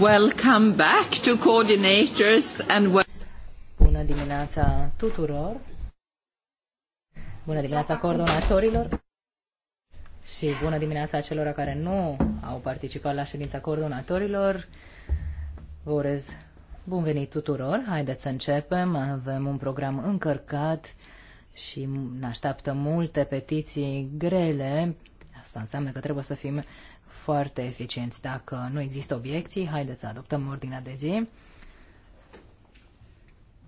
Welcome back to coordinators and Bună dimineața tuturor. Bună dimineața coordonatorilor. Și bună dimineața celor care nu au participat la ședința coordonatorilor. Vă urez bun venit tuturor. Haideți să începem. Avem un program încărcat și ne așteaptă multe petiții grele. Asta înseamnă că trebuie să fim foarte eficienți. Dacă nu există obiecții, haideți să adoptăm ordinea de zi.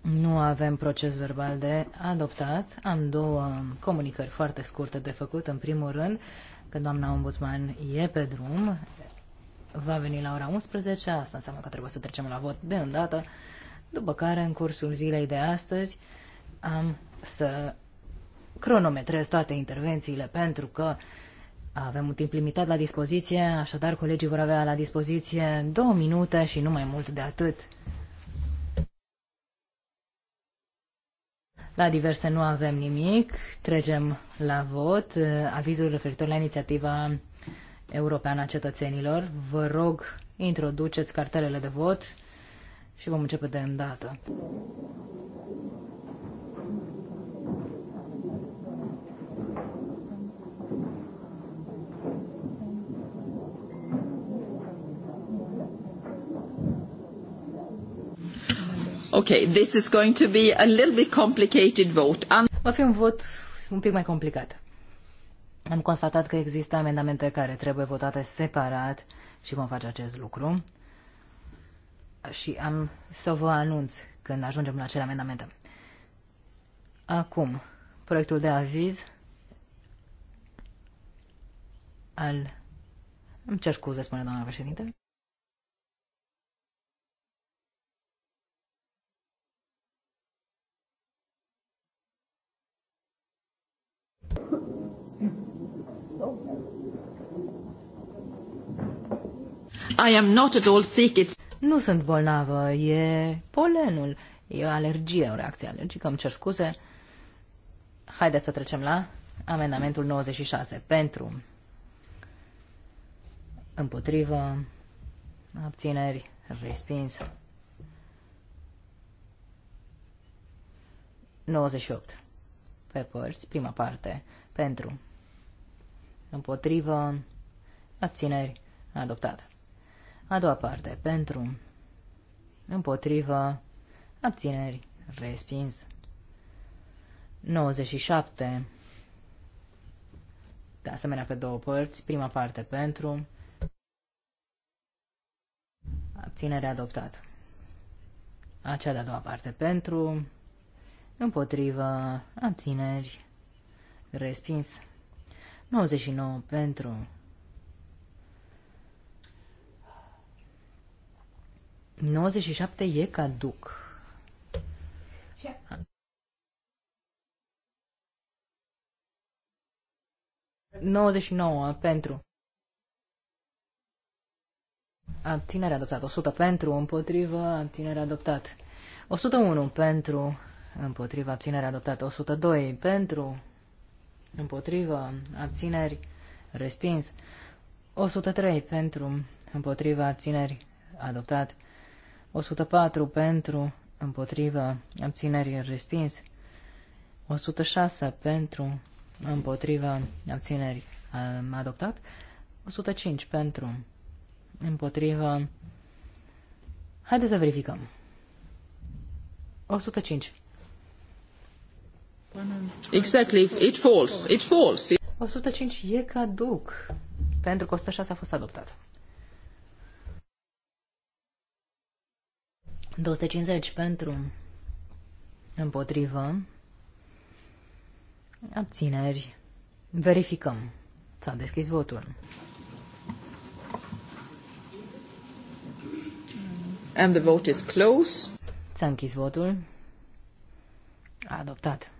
Nu avem proces verbal de adoptat. Am două comunicări foarte scurte de făcut. În primul rând, că doamna ombudsman e pe drum, va veni la ora 11, asta înseamnă că trebuie să trecem la vot de îndată, după care, în cursul zilei de astăzi, am să cronometrez toate intervențiile pentru că uh, avem un timp limitat la dispoziție, așadar colegii vor avea la dispoziție două minute și nu mai mult de atât. La diverse nu avem nimic, trecem la vot. Avizul referitor la inițiativa europeană a cetățenilor. Vă rog, introduceți cartelele de vot și vom începe de îndată. Okay, this is going to be a little bit complicated vote. Un... Va fi un vot un pic mai complicat. Am constatat că există amendamente care trebuie votate separat și vom face acest lucru. Și am să vă anunț când ajungem la acele amendamente. Acum, proiectul de aviz al... Îmi cer scuze, spune doamna președinte. I am not at all sick. It's... Nu sunt bolnavă, e polenul. E o alergie, o reacție alergică, îmi cer scuze. Haideți să trecem la amendamentul 96. Pentru, împotrivă, abțineri, respins. 98. Pe părți, prima parte, pentru, împotrivă, abțineri, adoptată. A doua parte, pentru, împotrivă, abțineri, respins. 97. De asemenea, pe două părți, prima parte pentru, abținere adoptat. Acea de-a doua parte pentru, împotrivă, abțineri, respins. 99 pentru, 97 e caduc. Yeah. 99 pentru. Abținere adoptat. 100 pentru, împotrivă, abținere adoptat. 101 pentru, împotrivă, abținere adoptat. 102 pentru, împotrivă, abțineri, respins. 103 pentru, împotrivă, abțineri, adoptat. 104 pentru, împotrivă, abțineri respins. 106 pentru, împotrivă, abțineri adoptat. 105 pentru, împotrivă. Haideți să verificăm. 105. Exactly. It falls. It falls. 105 e caduc. Pentru că 106 a fost adoptat. 250 pentru, împotrivă, abțineri, verificăm. S-a deschis votul. And the vote is closed. S-a închis votul. A adoptat.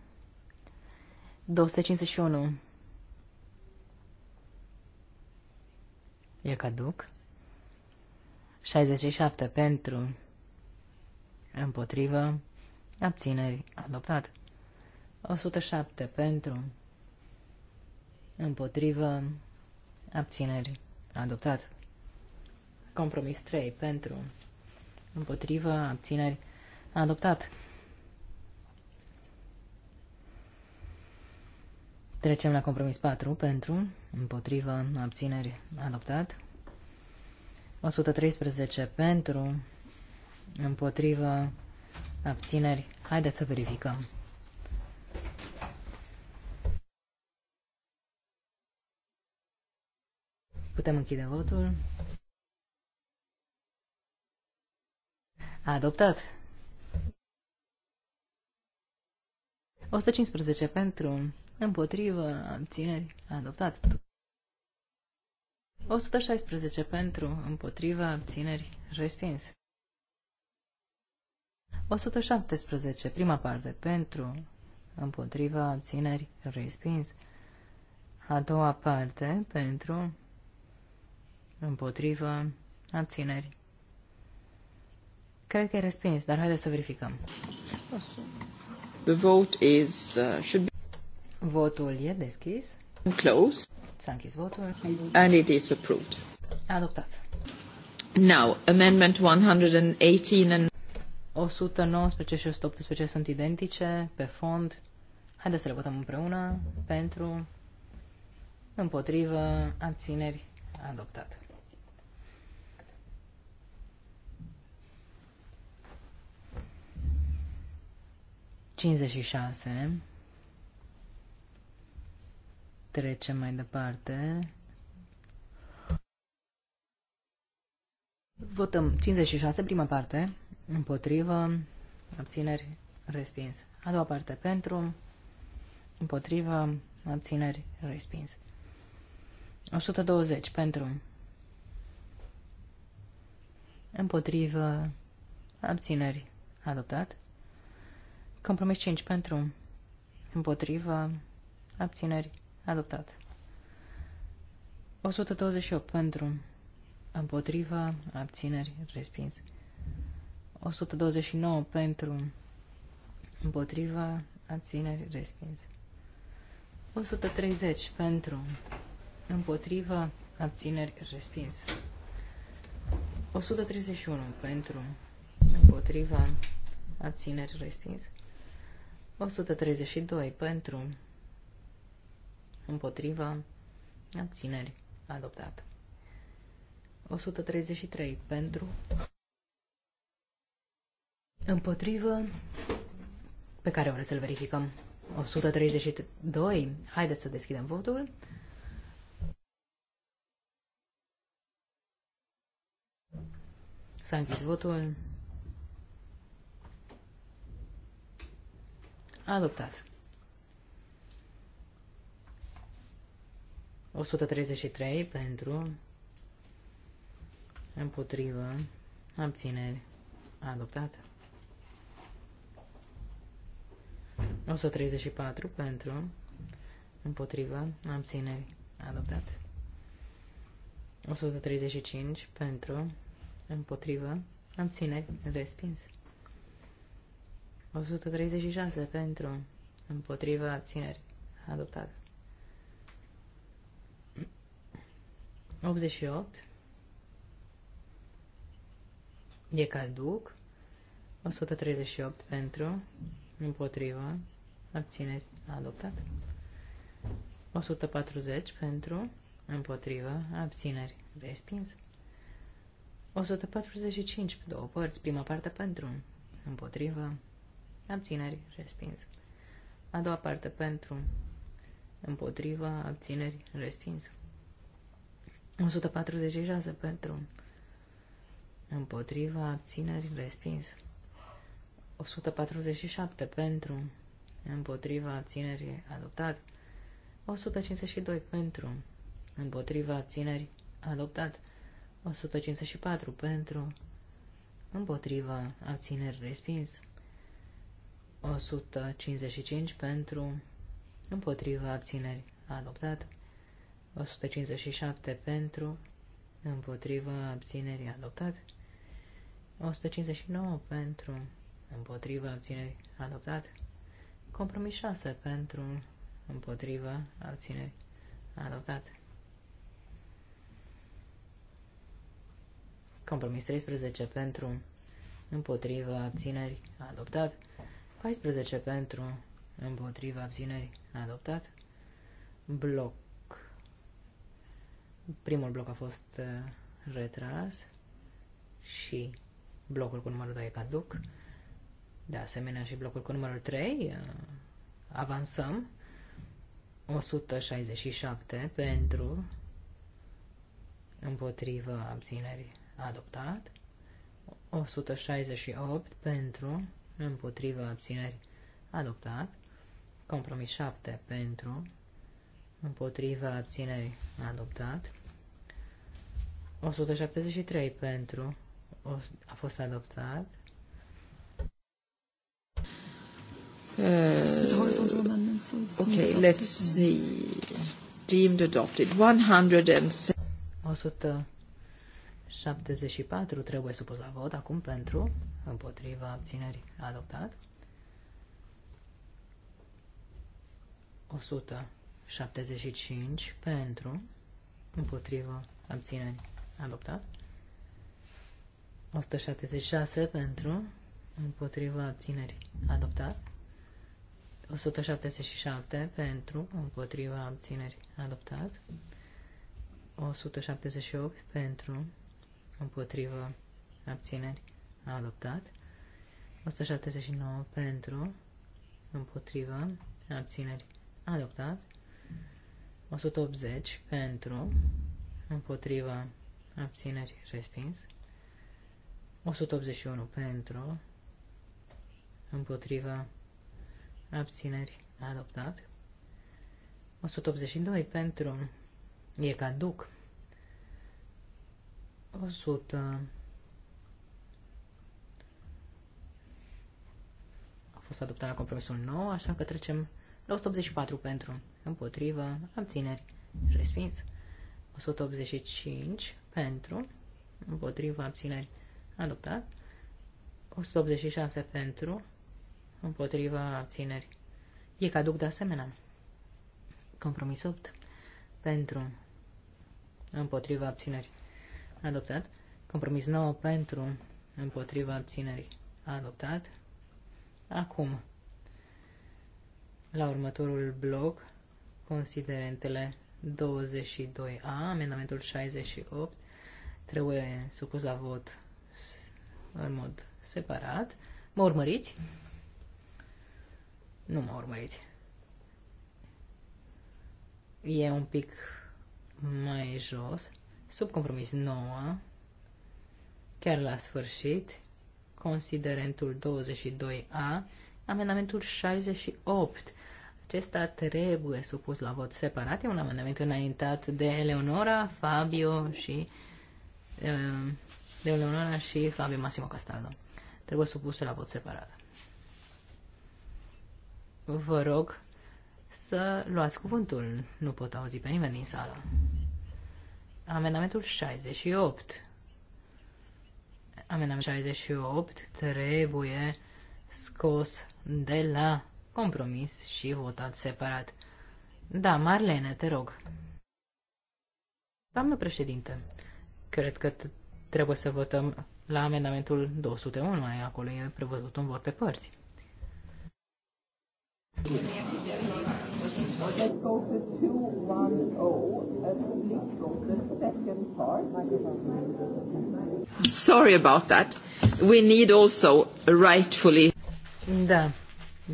251. E caduc. 67 pentru împotrivă, abțineri, adoptat. 107 pentru, împotrivă, abțineri, adoptat. Compromis 3 pentru, împotrivă, abțineri, adoptat. Trecem la compromis 4 pentru, împotrivă, abțineri, adoptat. 113 pentru, împotrivă, abțineri. Haideți să verificăm. Putem închide votul. adoptat. 115 pentru, împotrivă, abțineri, adoptat. 116 pentru, împotrivă, abțineri, respins. 117, prima parte, pentru, împotriva, abțineri, respins. A doua parte, pentru, împotriva abțineri. Cred că e respins, dar haideți să verificăm. The vote is, uh, should be... Votul e deschis. Close. S-a închis votul. And it is approved. Adoptat. Now, amendment 118 and 119 și 118 sunt identice, pe fond. Haideți să le votăm împreună. Pentru, împotrivă, abțineri, adoptat. șase. Trecem mai departe. Votăm 56, prima parte împotrivă, abțineri, respins. A doua parte pentru, împotrivă, abțineri, respins. 120 pentru, împotrivă, abțineri, adoptat. Compromis 5 pentru, împotrivă, abțineri, adoptat. 128 pentru, împotrivă, abțineri, respins. 129 pentru împotriva abțineri respins. 130 pentru împotriva abțineri respins. 131 pentru împotriva abțineri respins. 132 pentru împotriva abțineri adoptat. 133 pentru împotrivă, pe care vreți să-l verificăm. 132. Haideți să deschidem votul. S-a închis votul. Adoptat. 133 pentru împotrivă abțineri adoptată. 134 pentru, împotriva, abțineri, adoptat. 135 pentru, împotriva, abțineri, respins. 136 pentru, împotriva, abțineri, adoptat. 88 e caduc, 138 pentru, împotriva, abțineri, adoptat. 140 pentru, împotrivă, abțineri, respins. 145, pe două părți, prima parte pentru, împotrivă, abțineri, respins. A doua parte pentru, împotrivă, abțineri, respins. 146 pentru, împotrivă, abțineri, respins. 147 pentru, împotriva abținerii adoptat, 152 pentru, împotriva abținerii adoptat, 154 pentru, împotriva abțineri respins, 155 pentru, împotriva abțineri adoptat, 157 pentru, împotriva abținerii adoptat, 159 pentru, împotriva abținerii adoptat, compromisoasă pentru, împotrivă, abțineri, adoptat. Compromis 13 pentru, împotrivă, abțineri, adoptat. 14 pentru, împotrivă, abțineri, adoptat. Bloc. Primul bloc a fost uh, retras și blocul cu numărul 2 e caduc. Mm. De asemenea și blocul cu numărul 3. Uh, avansăm. 167 pentru împotrivă abținerii adoptat. 168 pentru împotrivă abțineri adoptat. Compromis 7 pentru împotrivă abțineri adoptat. 173 pentru a fost adoptat. horizontal uh, so it's okay, let's see. Deemed adopted. 174 trebuie supus la vot acum pentru, împotriva abținerii adoptat. 175 pentru, împotriva abținerii adoptat. 176 pentru, împotriva abținerii adoptat. 177 pentru, împotriva abțineri adoptat. 178 pentru, împotriva abțineri adoptat. 179 pentru, împotriva abțineri adoptat. 180 pentru, împotriva abțineri respins. 181 pentru, împotriva abțineri, adoptat. 182 pentru, e caduc. 100 a fost adoptat la compromisul 9, așa că trecem la 184 pentru, împotrivă, abțineri, respins. 185 pentru, împotrivă, abțineri, adoptat. 186 pentru, împotriva abțineri. E caduc de asemenea. Compromis 8 pentru împotriva abținerii. Adoptat. Compromis 9 pentru împotriva abținerii. Adoptat. Acum, la următorul bloc, considerentele 22A, amendamentul 68, trebuie supus la vot în mod separat. Mă urmăriți? Nu mă urmăriți. E un pic mai jos. Sub compromis 9. Chiar la sfârșit. Considerentul 22A. Amendamentul 68. Acesta trebuie supus la vot separat. E un amendament înaintat de Eleonora, Fabio și uh, de Eleonora și Fabio Massimo Castaldo. Trebuie supus la vot separat vă rog să luați cuvântul. Nu pot auzi pe nimeni din sală. Amendamentul 68. Amendamentul 68 trebuie scos de la compromis și votat separat. Da, Marlene, te rog. Doamnă președinte, cred că trebuie să votăm la amendamentul 201, mai acolo e prevăzut un vot pe părți. Sorry about that. We need also rightfully. Da,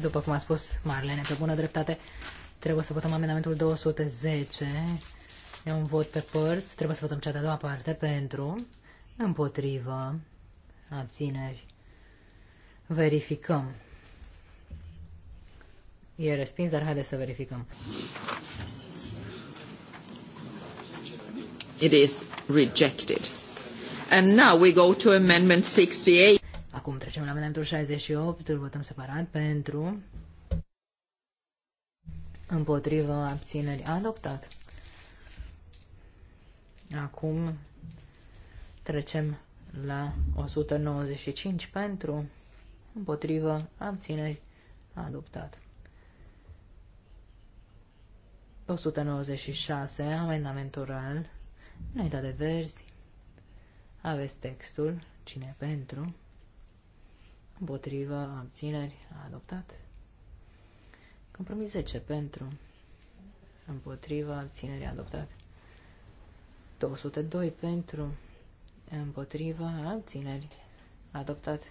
după cum a spus Marlene, pe bună dreptate, trebuie să votăm amendamentul 210. E un vot pe părți. Trebuie să votăm cea de-a doua parte pentru, împotrivă, abțineri. Verificăm. E respins, dar haideți să verificăm. It is rejected. And now we go to amendment 68. Acum trecem la amendamentul 68, îl votăm separat pentru împotriva abținerii adoptat. Acum trecem la 195 pentru împotriva abținerii adoptat. 196, amendament oral, înaintea de verzi, aveți textul, cine pentru, împotrivă, abțineri, adoptat. Compromis 10, pentru, împotrivă, abțineri, adoptat. 202, pentru, împotrivă, abțineri, adoptat.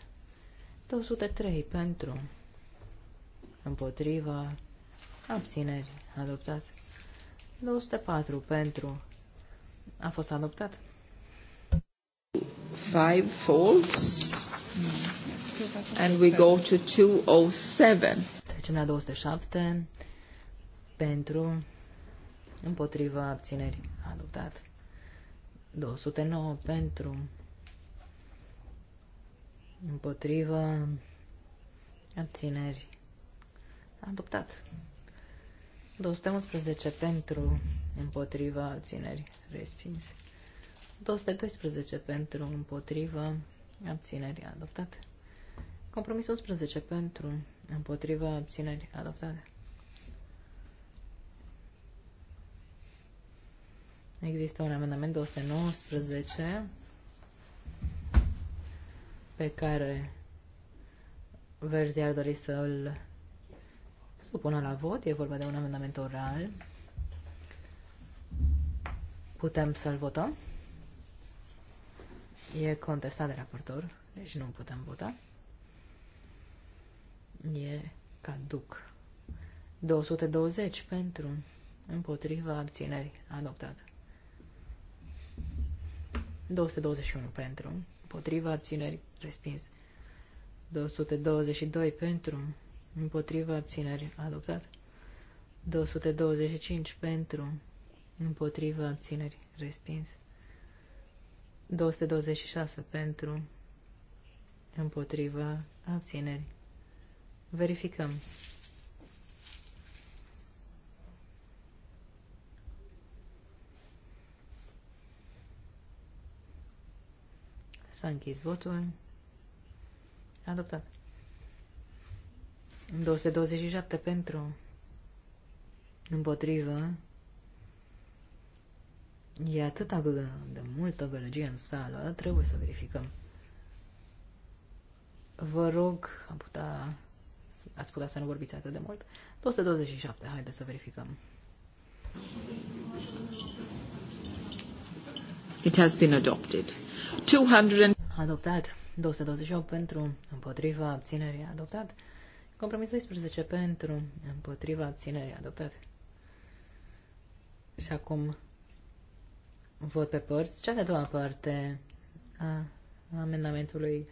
203, pentru, împotrivă, abțineri, adoptat. 204 pentru. A fost adoptat. Five folds And we go to 207. Trecem la 207 pentru împotriva abțineri adoptat. 209 pentru împotriva abțineri adoptat. 211 pentru, împotriva, abțineri, respins. 212 pentru, împotriva, abțineri, adoptate. Compromis 11 pentru, împotriva, abțineri, adoptate. Există un amendament 219 pe care verzi ar dori să îl supună la vot. E vorba de un amendament oral. Putem să-l votăm? E contestat de raportor, deci nu putem vota. E caduc. 220 pentru împotriva abținerii adoptat. 221 pentru împotriva abținerii respins. 222 pentru împotriva abținere adoptat. 225 pentru împotriva abțineri respins. 226 pentru împotriva abțineri. Verificăm. S-a închis votul. Adoptat. 227 pentru. Împotrivă. E atâta de multă gălăgie în sală, trebuie să verificăm. Vă rog, am putea, ați putea să nu vorbiți atât de mult. 227, haideți să verificăm. It has been adopted. 200 Adoptat. 228 pentru, împotriva, abținerii adoptat. Compromis 12 pentru, împotriva abținerii adoptate. Și acum vot pe părți. Cea de-a doua parte a amendamentului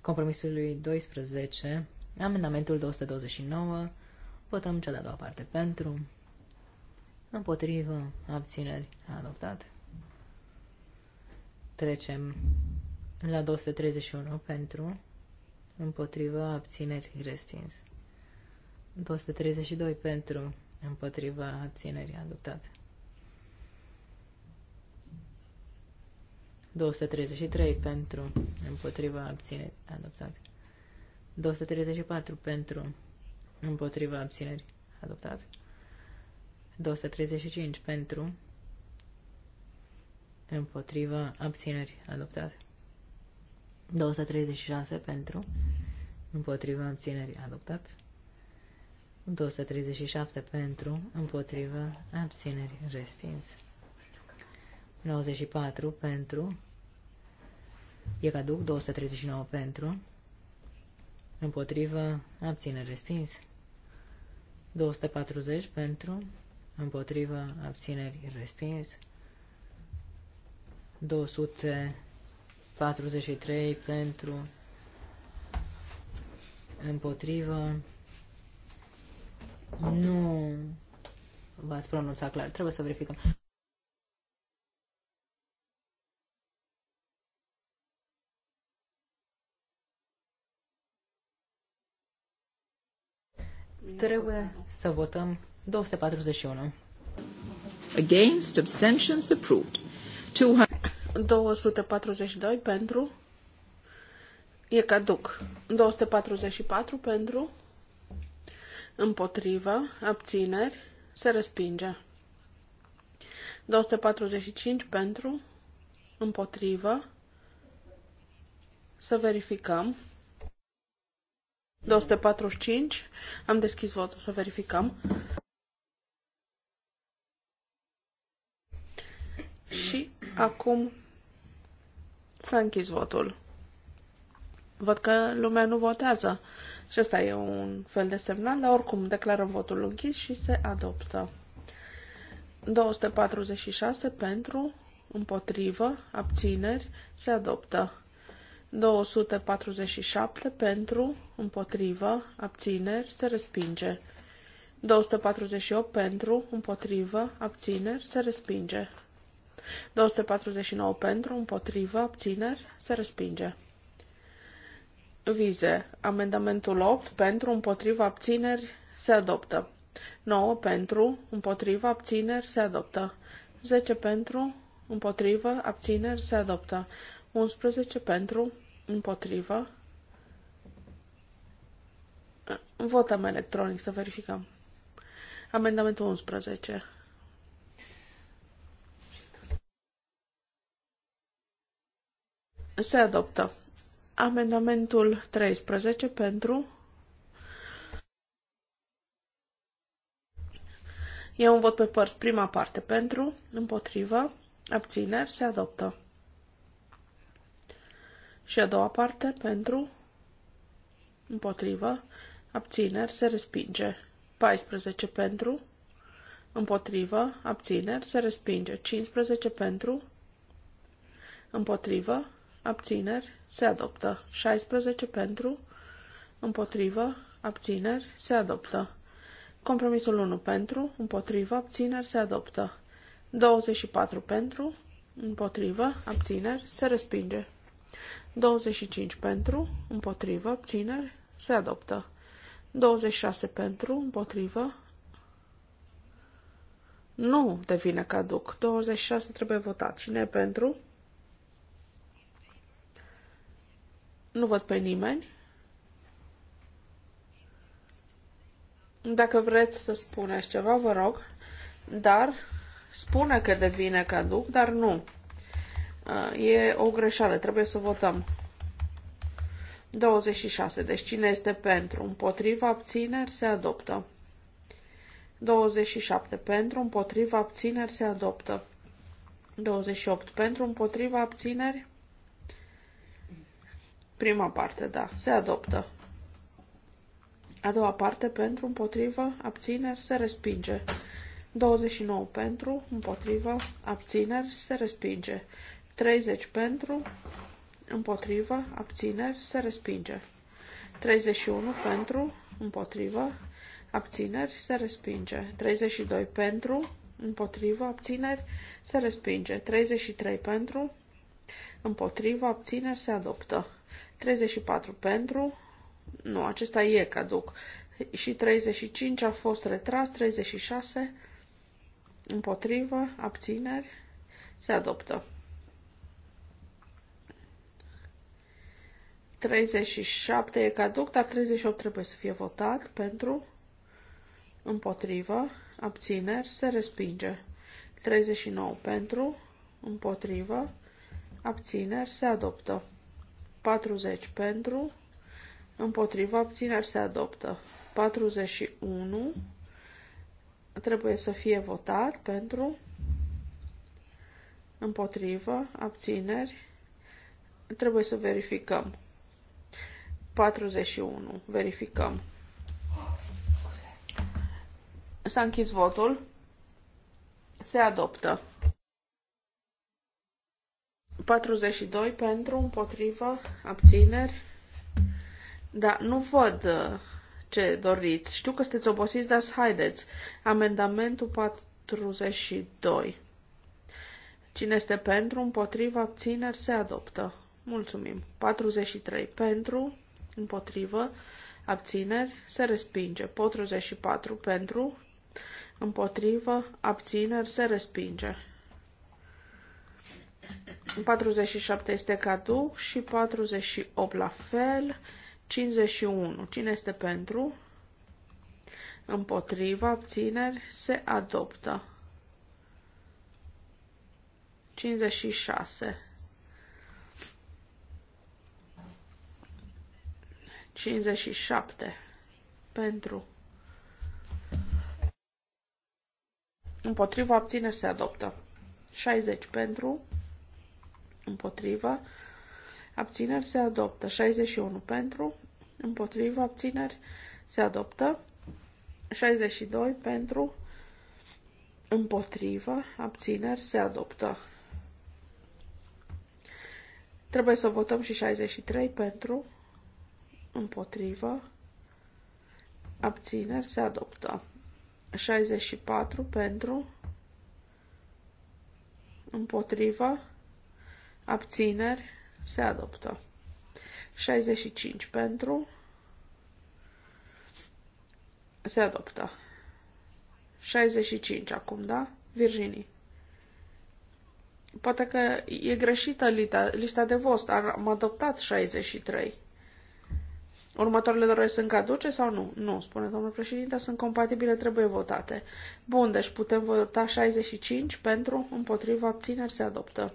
compromisului 12, amendamentul 229, votăm cea de-a doua parte pentru, împotrivă, abțineri, adoptat. Trecem la 231 pentru, împotriva abțineri respins. 232 pentru împotriva abținerii adoptat. 233 pentru împotriva abținerii adoptat. 234 pentru împotriva abținerii adoptat. 235 pentru împotriva abținerii adoptat. 236 pentru împotriva abținerii adoptat. 237 pentru, împotriva abținerii respins. 94 pentru, e caduc, 239 pentru, împotriva abțineri respins. 240 pentru, împotriva abțineri respins. 243 pentru, împotrivă. Nu v-ați pronunțat clar. Trebuie să verificăm. Trebuie să votăm 241. Against abstentions approved. 242 pentru E caduc. 244 pentru, împotriva, abțineri, se respinge. 245 pentru, împotrivă, să verificăm. 245, am deschis votul să verificăm. Și acum s-a închis votul. Văd că lumea nu votează. Și asta e un fel de semnal, dar oricum declarăm votul închis și se adoptă. 246 pentru, împotrivă, abțineri, se adoptă. 247 pentru, împotrivă, abțineri, se respinge. 248 pentru, împotrivă, abțineri, se respinge. 249 pentru, împotrivă, abțineri, se respinge. Vize. Amendamentul 8 pentru împotriva abțineri se adoptă. 9 pentru împotriva abțineri se adoptă. 10 pentru împotriva abțineri se adoptă. 11 pentru împotriva. Votăm electronic să verificăm. Amendamentul 11. Se adoptă. Amendamentul 13 pentru. E un vot pe părți. Prima parte pentru, împotrivă, abțineri, se adoptă. Și a doua parte pentru, împotrivă, abțineri, se respinge. 14 pentru, împotrivă, abțineri, se respinge. 15 pentru, împotrivă, abțineri, se adoptă. 16 pentru, împotrivă, abțineri, se adoptă. Compromisul 1 pentru, împotrivă, abțineri, se adoptă. 24 pentru, împotrivă, abțineri, se respinge. 25 pentru, împotrivă, abțineri, se adoptă. 26 pentru, împotrivă, nu devine caduc. 26 trebuie votat. Cine e pentru? Nu văd pe nimeni. Dacă vreți să spuneți ceva, vă rog. Dar spune că devine caduc, dar nu. Uh, e o greșeală, trebuie să votăm. 26. Deci cine este pentru? Împotriva abțineri se adoptă. 27. Pentru împotriva abțineri se adoptă. 28. Pentru împotriva abțineri Prima parte, da, se adoptă. A doua parte, pentru, împotrivă, abțineri, se respinge. 29 pentru, împotrivă, abțineri, se respinge. 30 pentru, împotrivă, abțineri, se respinge. 31 pentru, împotrivă, abțineri, se respinge. 32 pentru, împotrivă, abțineri, se respinge. 33 pentru, împotrivă, abțineri, se adoptă. 34 pentru, nu, acesta e caduc. Și 35 a fost retras, 36 împotrivă, abțineri, se adoptă. 37 e caduc, dar 38 trebuie să fie votat pentru, împotrivă, abțineri, se respinge. 39 pentru, împotrivă, abțineri, se adoptă. 40 pentru, împotriva abțineri se adoptă. 41 trebuie să fie votat pentru, împotriva abțineri, trebuie să verificăm. 41, verificăm. S-a închis votul. Se adoptă. 42 pentru, împotrivă, abțineri. Da, nu văd uh, ce doriți. Știu că sunteți obosiți, dar haideți. Amendamentul 42. Cine este pentru, împotrivă, abțineri, se adoptă. Mulțumim. 43 pentru, împotrivă, abțineri, se respinge. 44 pentru, împotrivă, abțineri, se respinge. 47 este caduc și 48 la fel. 51. Cine este pentru? Împotriva, abțineri, se adoptă. 56. 57. Pentru. Împotriva, abțineri, se adoptă. 60 pentru împotriva, abțineri se adoptă. 61 pentru, împotriva, abțineri se adoptă. 62 pentru, împotriva, abțineri se adoptă. Trebuie să votăm și 63 pentru, împotriva, abțineri se adoptă. 64 pentru, împotriva, abțineri, se adoptă. 65 pentru, se adoptă. 65 acum, da? Virginie. Poate că e greșită lista, lista de vot. Am adoptat 63. Următoarele doresc sunt caduce sau nu? Nu, spune domnul președinte, sunt compatibile, trebuie votate. Bun, deci putem vota 65 pentru, împotriva, abțineri, se adoptă.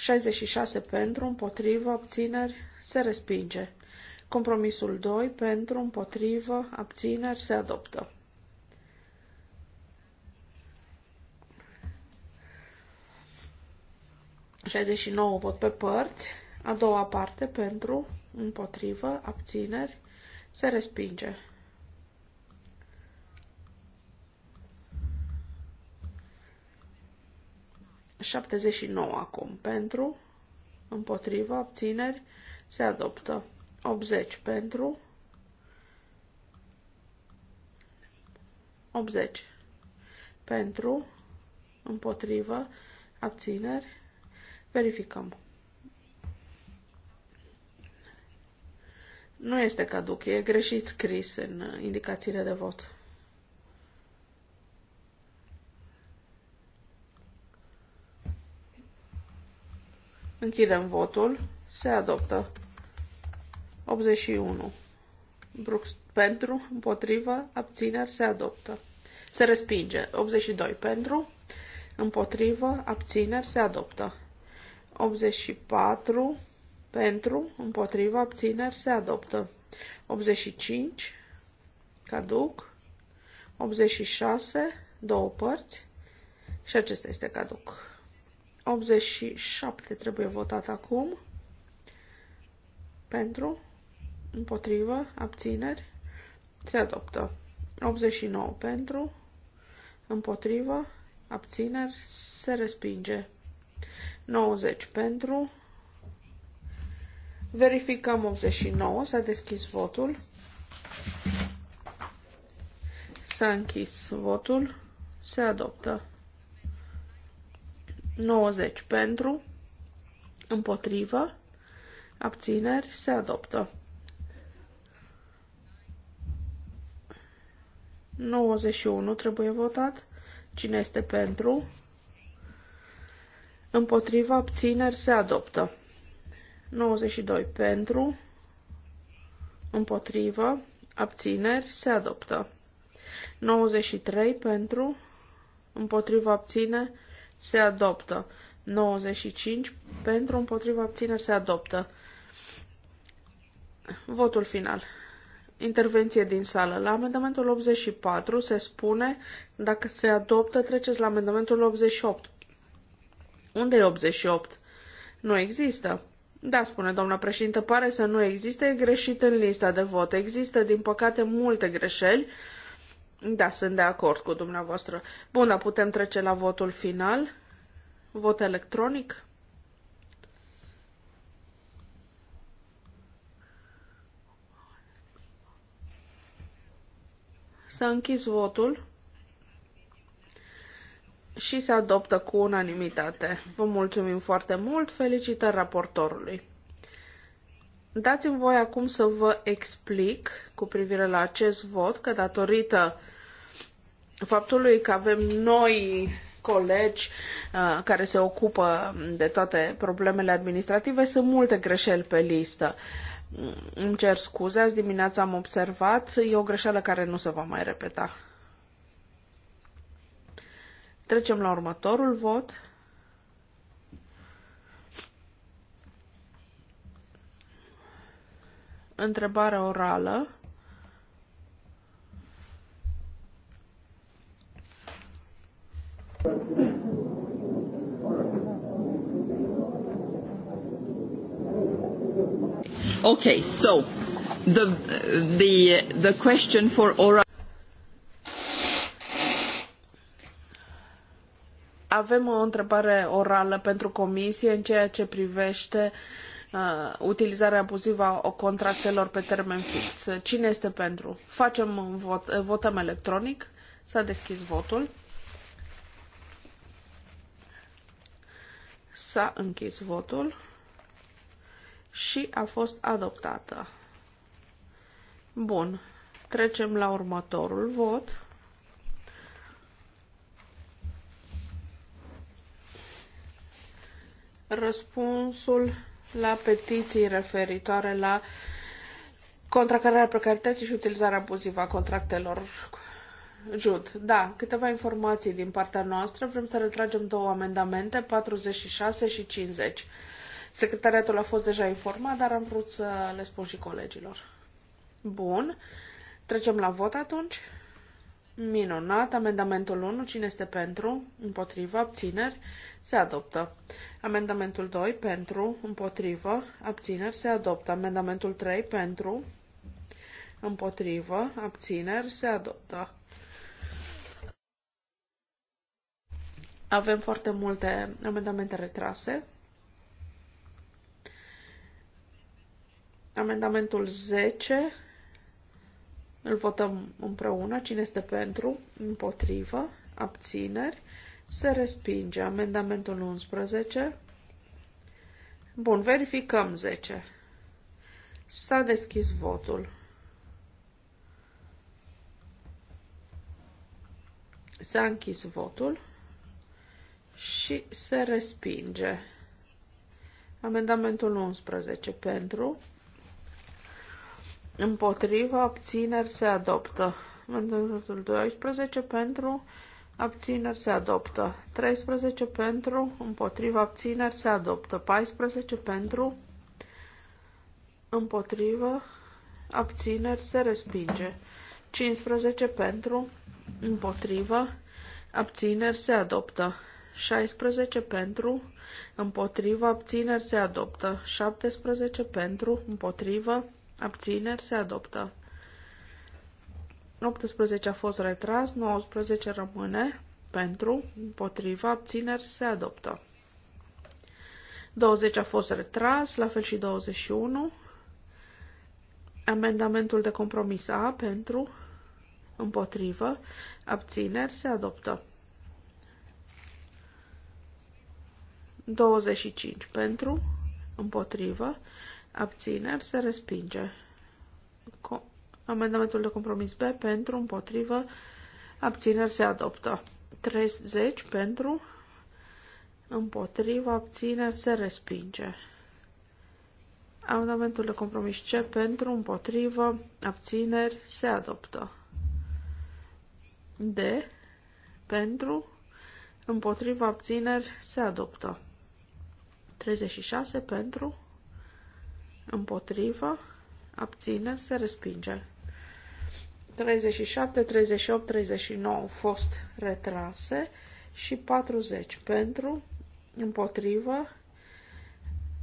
66 pentru, împotrivă, abțineri, se respinge. Compromisul 2 pentru, împotrivă, abțineri, se adoptă. ...69 vot pe părți, a doua parte pentru, împotrivă, abțineri, se respinge. 79 acum pentru, împotriva, abțineri, se adoptă. 80 pentru, 80 pentru, împotrivă, abțineri, verificăm. Nu este caduc, e greșit scris în indicațiile de vot. Închidem votul. Se adoptă. 81. Brux pentru, împotrivă, abțineri, se adoptă. Se respinge. 82 pentru, împotrivă, abțineri, se adoptă. 84 pentru, împotrivă, abțineri, se adoptă. 85 caduc. 86 două părți și acesta este caduc. 87 trebuie votat acum. Pentru, împotrivă, abțineri, se adoptă. 89 pentru, împotrivă, abțineri, se respinge. 90 pentru, verificăm 89, s-a deschis votul, s-a închis votul, se adoptă. 90 pentru, împotrivă, abțineri, se adoptă. 91 trebuie votat. Cine este pentru? Împotriva abțineri se adoptă. 92 pentru. Împotriva abțineri se adoptă. 93 pentru. Împotriva abțineri se adoptă. 95 pentru, împotriva, abțineri, se adoptă. Votul final. Intervenție din sală. La amendamentul 84 se spune, dacă se adoptă, treceți la amendamentul 88. Unde e 88? Nu există. Da, spune doamna președinte, pare să nu existe, e greșit în lista de vot. Există, din păcate, multe greșeli da, sunt de acord cu dumneavoastră. Bun, dar putem trece la votul final? Vot electronic? S-a închis votul și se adoptă cu unanimitate. Vă mulțumim foarte mult, felicitări raportorului. Dați-mi voi acum să vă explic cu privire la acest vot că datorită faptului că avem noi colegi uh, care se ocupă de toate problemele administrative, sunt multe greșeli pe listă. Mm, îmi cer scuze, azi dimineața am observat, e o greșeală care nu se va mai repeta. Trecem la următorul vot. întrebare orală. Okay, so the the the question for oral Avem o întrebare orală pentru comisie în ceea ce privește uh, Uh, utilizarea abuzivă a contractelor pe termen fix. Cine este pentru? Facem vot, uh, votăm electronic. S-a deschis votul. S-a închis votul și a fost adoptată. Bun. Trecem la următorul vot. Răspunsul la petiții referitoare la contracararea precarității și utilizarea abuzivă a contractelor. Jud, da, câteva informații din partea noastră. Vrem să retragem două amendamente, 46 și 50. Secretariatul a fost deja informat, dar am vrut să le spun și colegilor. Bun. Trecem la vot atunci. Minunat. Amendamentul 1. Cine este pentru? Împotrivă. Abțineri. Se adoptă. Amendamentul 2. Pentru. Împotrivă. Abțineri. Se adoptă. Amendamentul 3. Pentru. Împotrivă. Abțineri. Se adoptă. Avem foarte multe amendamente retrase. Amendamentul 10 îl votăm împreună. Cine este pentru? Împotrivă. Abțineri. Se respinge. Amendamentul 11. Bun, verificăm 10. S-a deschis votul. S-a închis votul și se respinge. Amendamentul 11 pentru, împotriva, abțineri se adoptă. Amendamentul 12 pentru, abțineri se adoptă. 13 pentru, împotriva, abțineri se adoptă. 14 pentru, împotriva, abțineri se respinge. 15 pentru, împotriva, abțineri se adoptă. 16 pentru, împotriva, abțineri se adoptă. 17 pentru, împotriva, Abțineri se adoptă. 18 a fost retras, 19 rămâne pentru, împotriva, abțineri se adoptă. 20 a fost retras, la fel și 21. Amendamentul de compromis A pentru, împotrivă, abțineri se adoptă. 25 pentru, împotrivă, abțineri, se respinge. Co amendamentul de compromis B pentru, împotrivă, abțineri, se adoptă. 30 pentru, împotrivă, abțineri, se respinge. Amendamentul de compromis C pentru, împotrivă, abțineri, se adoptă. D. Pentru, împotrivă, abțineri, se adoptă. 36 pentru, împotrivă, abține, se respinge. 37, 38, 39 au fost retrase și 40 pentru, împotrivă,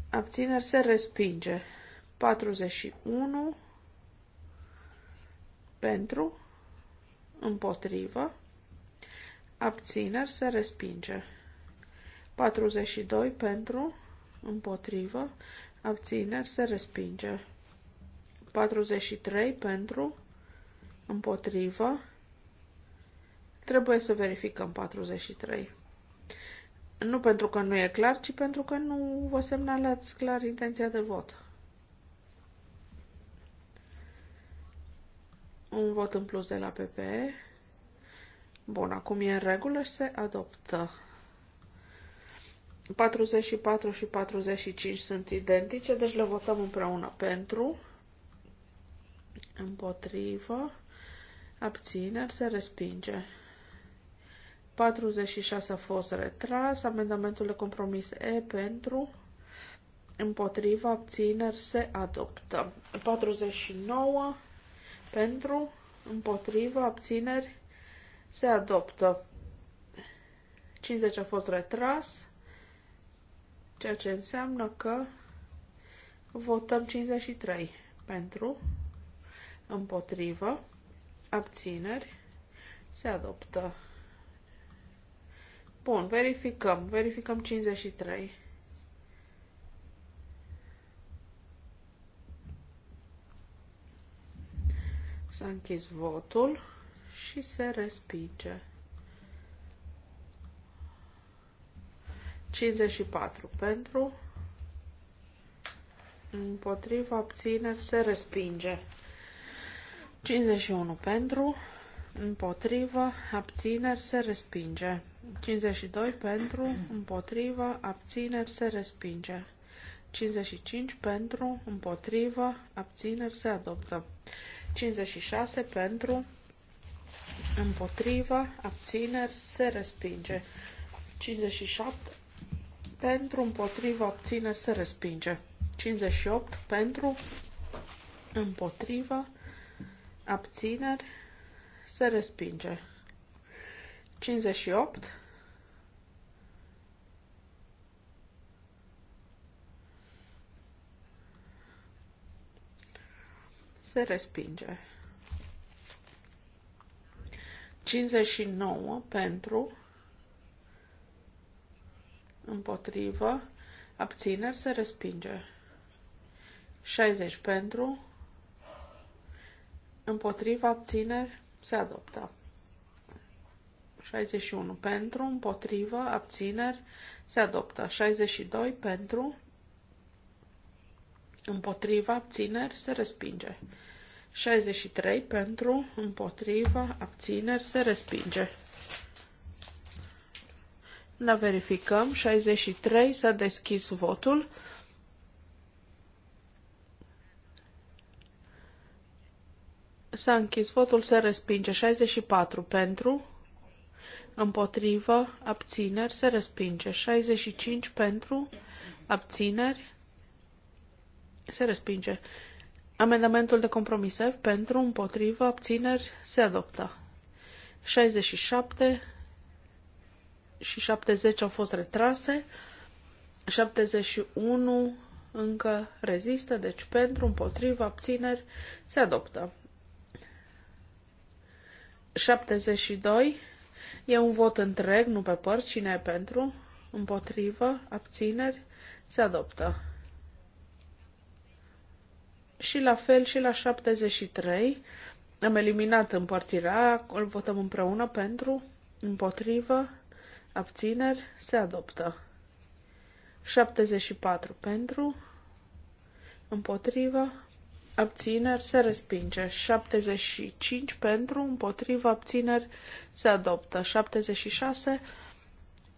abțineri, se respinge. 41 pentru, împotrivă, abțineri, se respinge. 42 pentru, împotrivă, abțineri, se respinge. 43 pentru, împotrivă, trebuie să verificăm 43. Nu pentru că nu e clar, ci pentru că nu vă semnalați clar intenția de vot. Un vot în plus de la PP. Bun, acum e în regulă și se adoptă. 44 și 45 sunt identice, deci le votăm împreună pentru, împotrivă, abțineri, se respinge. 46 a fost retras, amendamentul de compromis E pentru, împotriva, abțineri, se adoptă. 49 pentru, împotriva, abțineri, se adoptă. 50 a fost retras. Ceea ce înseamnă că votăm 53 pentru, împotrivă, abțineri, se adoptă. Bun, verificăm, verificăm 53. S-a închis votul și se respinge. 54 pentru, împotriva, abțineri, se respinge. 51 pentru, împotriva, abțineri, se respinge. 52 pentru, împotriva, abțineri, se respinge. 55 pentru, împotriva, abțineri, se adoptă. 56 pentru, împotriva, abțineri, se respinge. 57 pentru, împotriva, abțineri, se respinge. 58 pentru, împotriva, abțineri, se respinge. 58 se respinge. 59 pentru, împotrivă, abțineri se respinge. 60 pentru, împotrivă, abțineri se adoptă. 61 pentru, împotrivă, abțineri se adoptă. 62 pentru, împotriva, abțineri se respinge. 63 pentru, împotriva, abțineri se respinge. La verificăm. 63. S-a deschis votul. S-a închis votul, se respinge 64 pentru, împotrivă, abțineri, se respinge 65 pentru, abțineri, se respinge. Amendamentul de compromis F pentru, împotrivă, abțineri, se adoptă. 67 și 70 au fost retrase, 71 încă rezistă, deci pentru, împotriva, abțineri, se adoptă. 72 e un vot întreg, nu pe părți, cine e pentru, împotrivă, abțineri, se adoptă. Și la fel și la 73 am eliminat împărțirea, îl votăm împreună pentru, împotrivă, abțineri, se adoptă. 74 pentru, împotriva, abțineri, se respinge. 75 pentru, împotriva, abțineri, se adoptă. 76,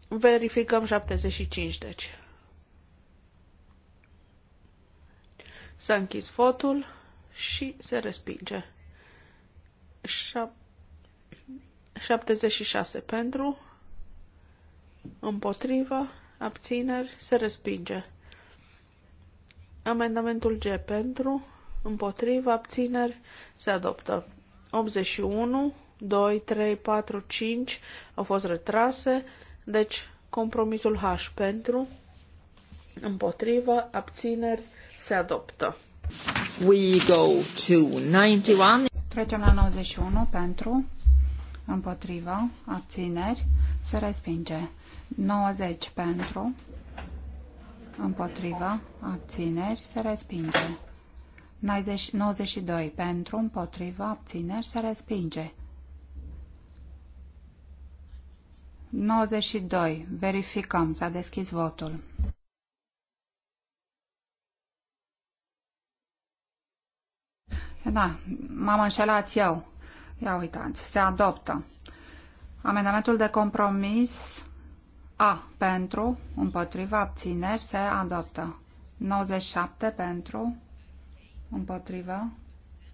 verificăm 75, deci. S-a închis votul și se respinge. 76 pentru, împotrivă, abțineri, se respinge. Amendamentul G pentru, împotrivă, abțineri, se adoptă. 81, 2, 3, 4, 5 au fost retrase, deci compromisul H pentru, împotrivă, abțineri, se adoptă. We go to 91. Trecem la 91 pentru, împotrivă, abțineri, se respinge. 90 pentru, împotriva, abțineri, se respinge. 92 pentru, împotriva, abțineri, se respinge. 92. Verificăm. S-a deschis votul. Da, m-am înșelat eu. Ia uitați, se adoptă. Amendamentul de compromis a pentru, împotriva abțineri se adoptă. 97 pentru, împotriva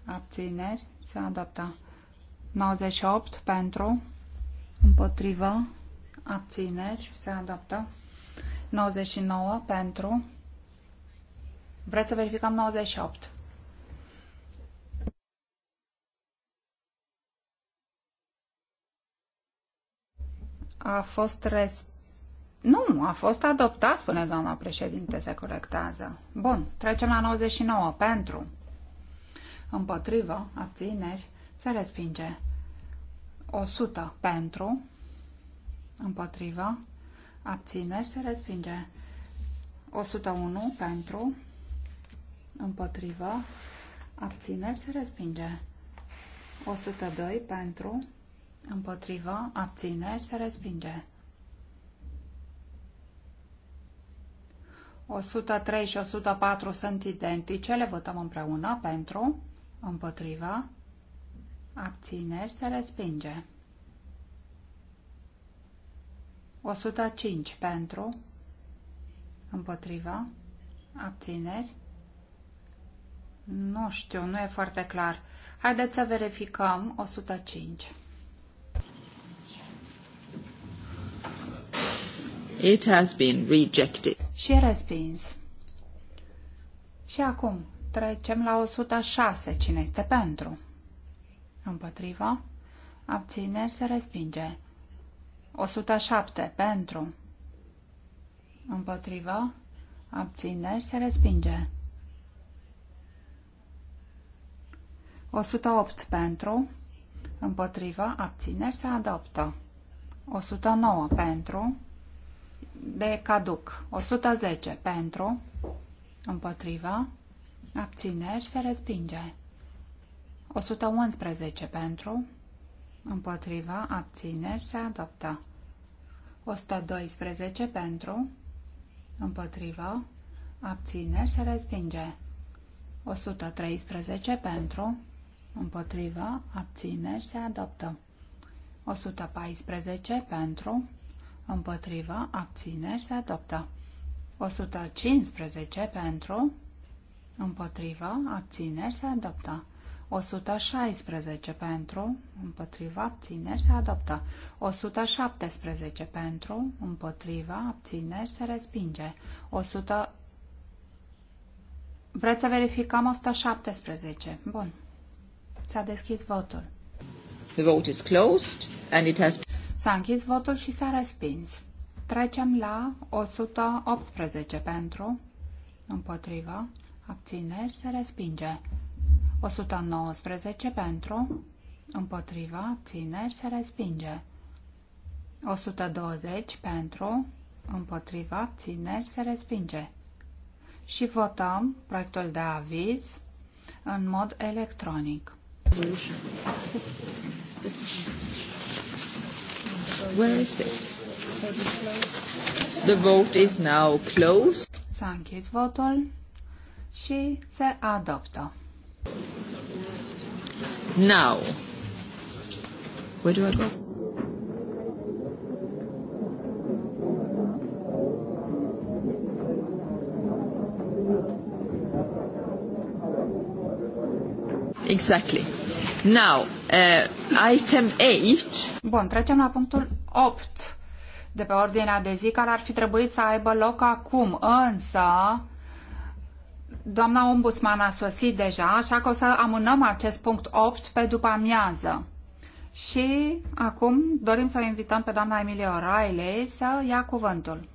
abțineri se adoptă. 98 pentru, împotriva abțineri se adoptă. 99 pentru. Vreți să verificăm 98. A fost respins nu, a fost adoptat, spune doamna președinte, se corectează. Bun, trecem la 99. Pentru. Împotrivă, abțineri, se respinge. 100 pentru, împotrivă, abțineri, se respinge. 101 pentru, împotrivă, abțineri, se respinge. 102 pentru, împotrivă, abțineri, se respinge. 103 și 104 sunt identice, le votăm împreună pentru, împotriva, abțineri, se respinge. 105 pentru, împotriva, abțineri, nu știu, nu e foarte clar. Haideți să verificăm 105. It has been rejected și respins. Și acum trecem la 106. Cine este pentru? Împotriva. Abțineri se respinge. 107. Pentru. Împotriva. Abțineri se respinge. 108 pentru, împotriva, abțineri se adoptă. 109 pentru, de caduc. 110 pentru, împotriva, abțineri, se respinge. 111 pentru, împotriva, abțineri, se adoptă. 112 pentru, împotriva, abțineri, se respinge. 113 pentru, împotriva, abțineri, se adoptă. 114 pentru, Împotriva abțineri, se adoptă. 115 pentru, Împotriva abțineri, se adoptă. 116 pentru, împotriva, abțineri, se adoptă. 117 pentru, împotriva, abțineri, se respinge. 100... Vreți să verificăm 117. Bun. S-a deschis votul. The vote is closed and it has S-a închis votul și s-a respins. Trecem la 118 pentru, împotrivă, abțineri, se respinge. 119 pentru, împotriva, abțineri, se respinge. 120 pentru, împotriva, abțineri, se respinge. Și votăm proiectul de aviz în mod electronic. Evolution. Where is it? The vote is now closed. S-a închis votul și se adoptă. Now, where do I go? Exactly. Now, uh, item 8. Bun, trecem la punctul 8 de pe ordinea de zi care ar fi trebuit să aibă loc acum, însă doamna ombudsman a sosit deja, așa că o să amânăm acest punct 8 pe după amiază. Și acum dorim să o invităm pe doamna Emilia O'Reilly să ia cuvântul.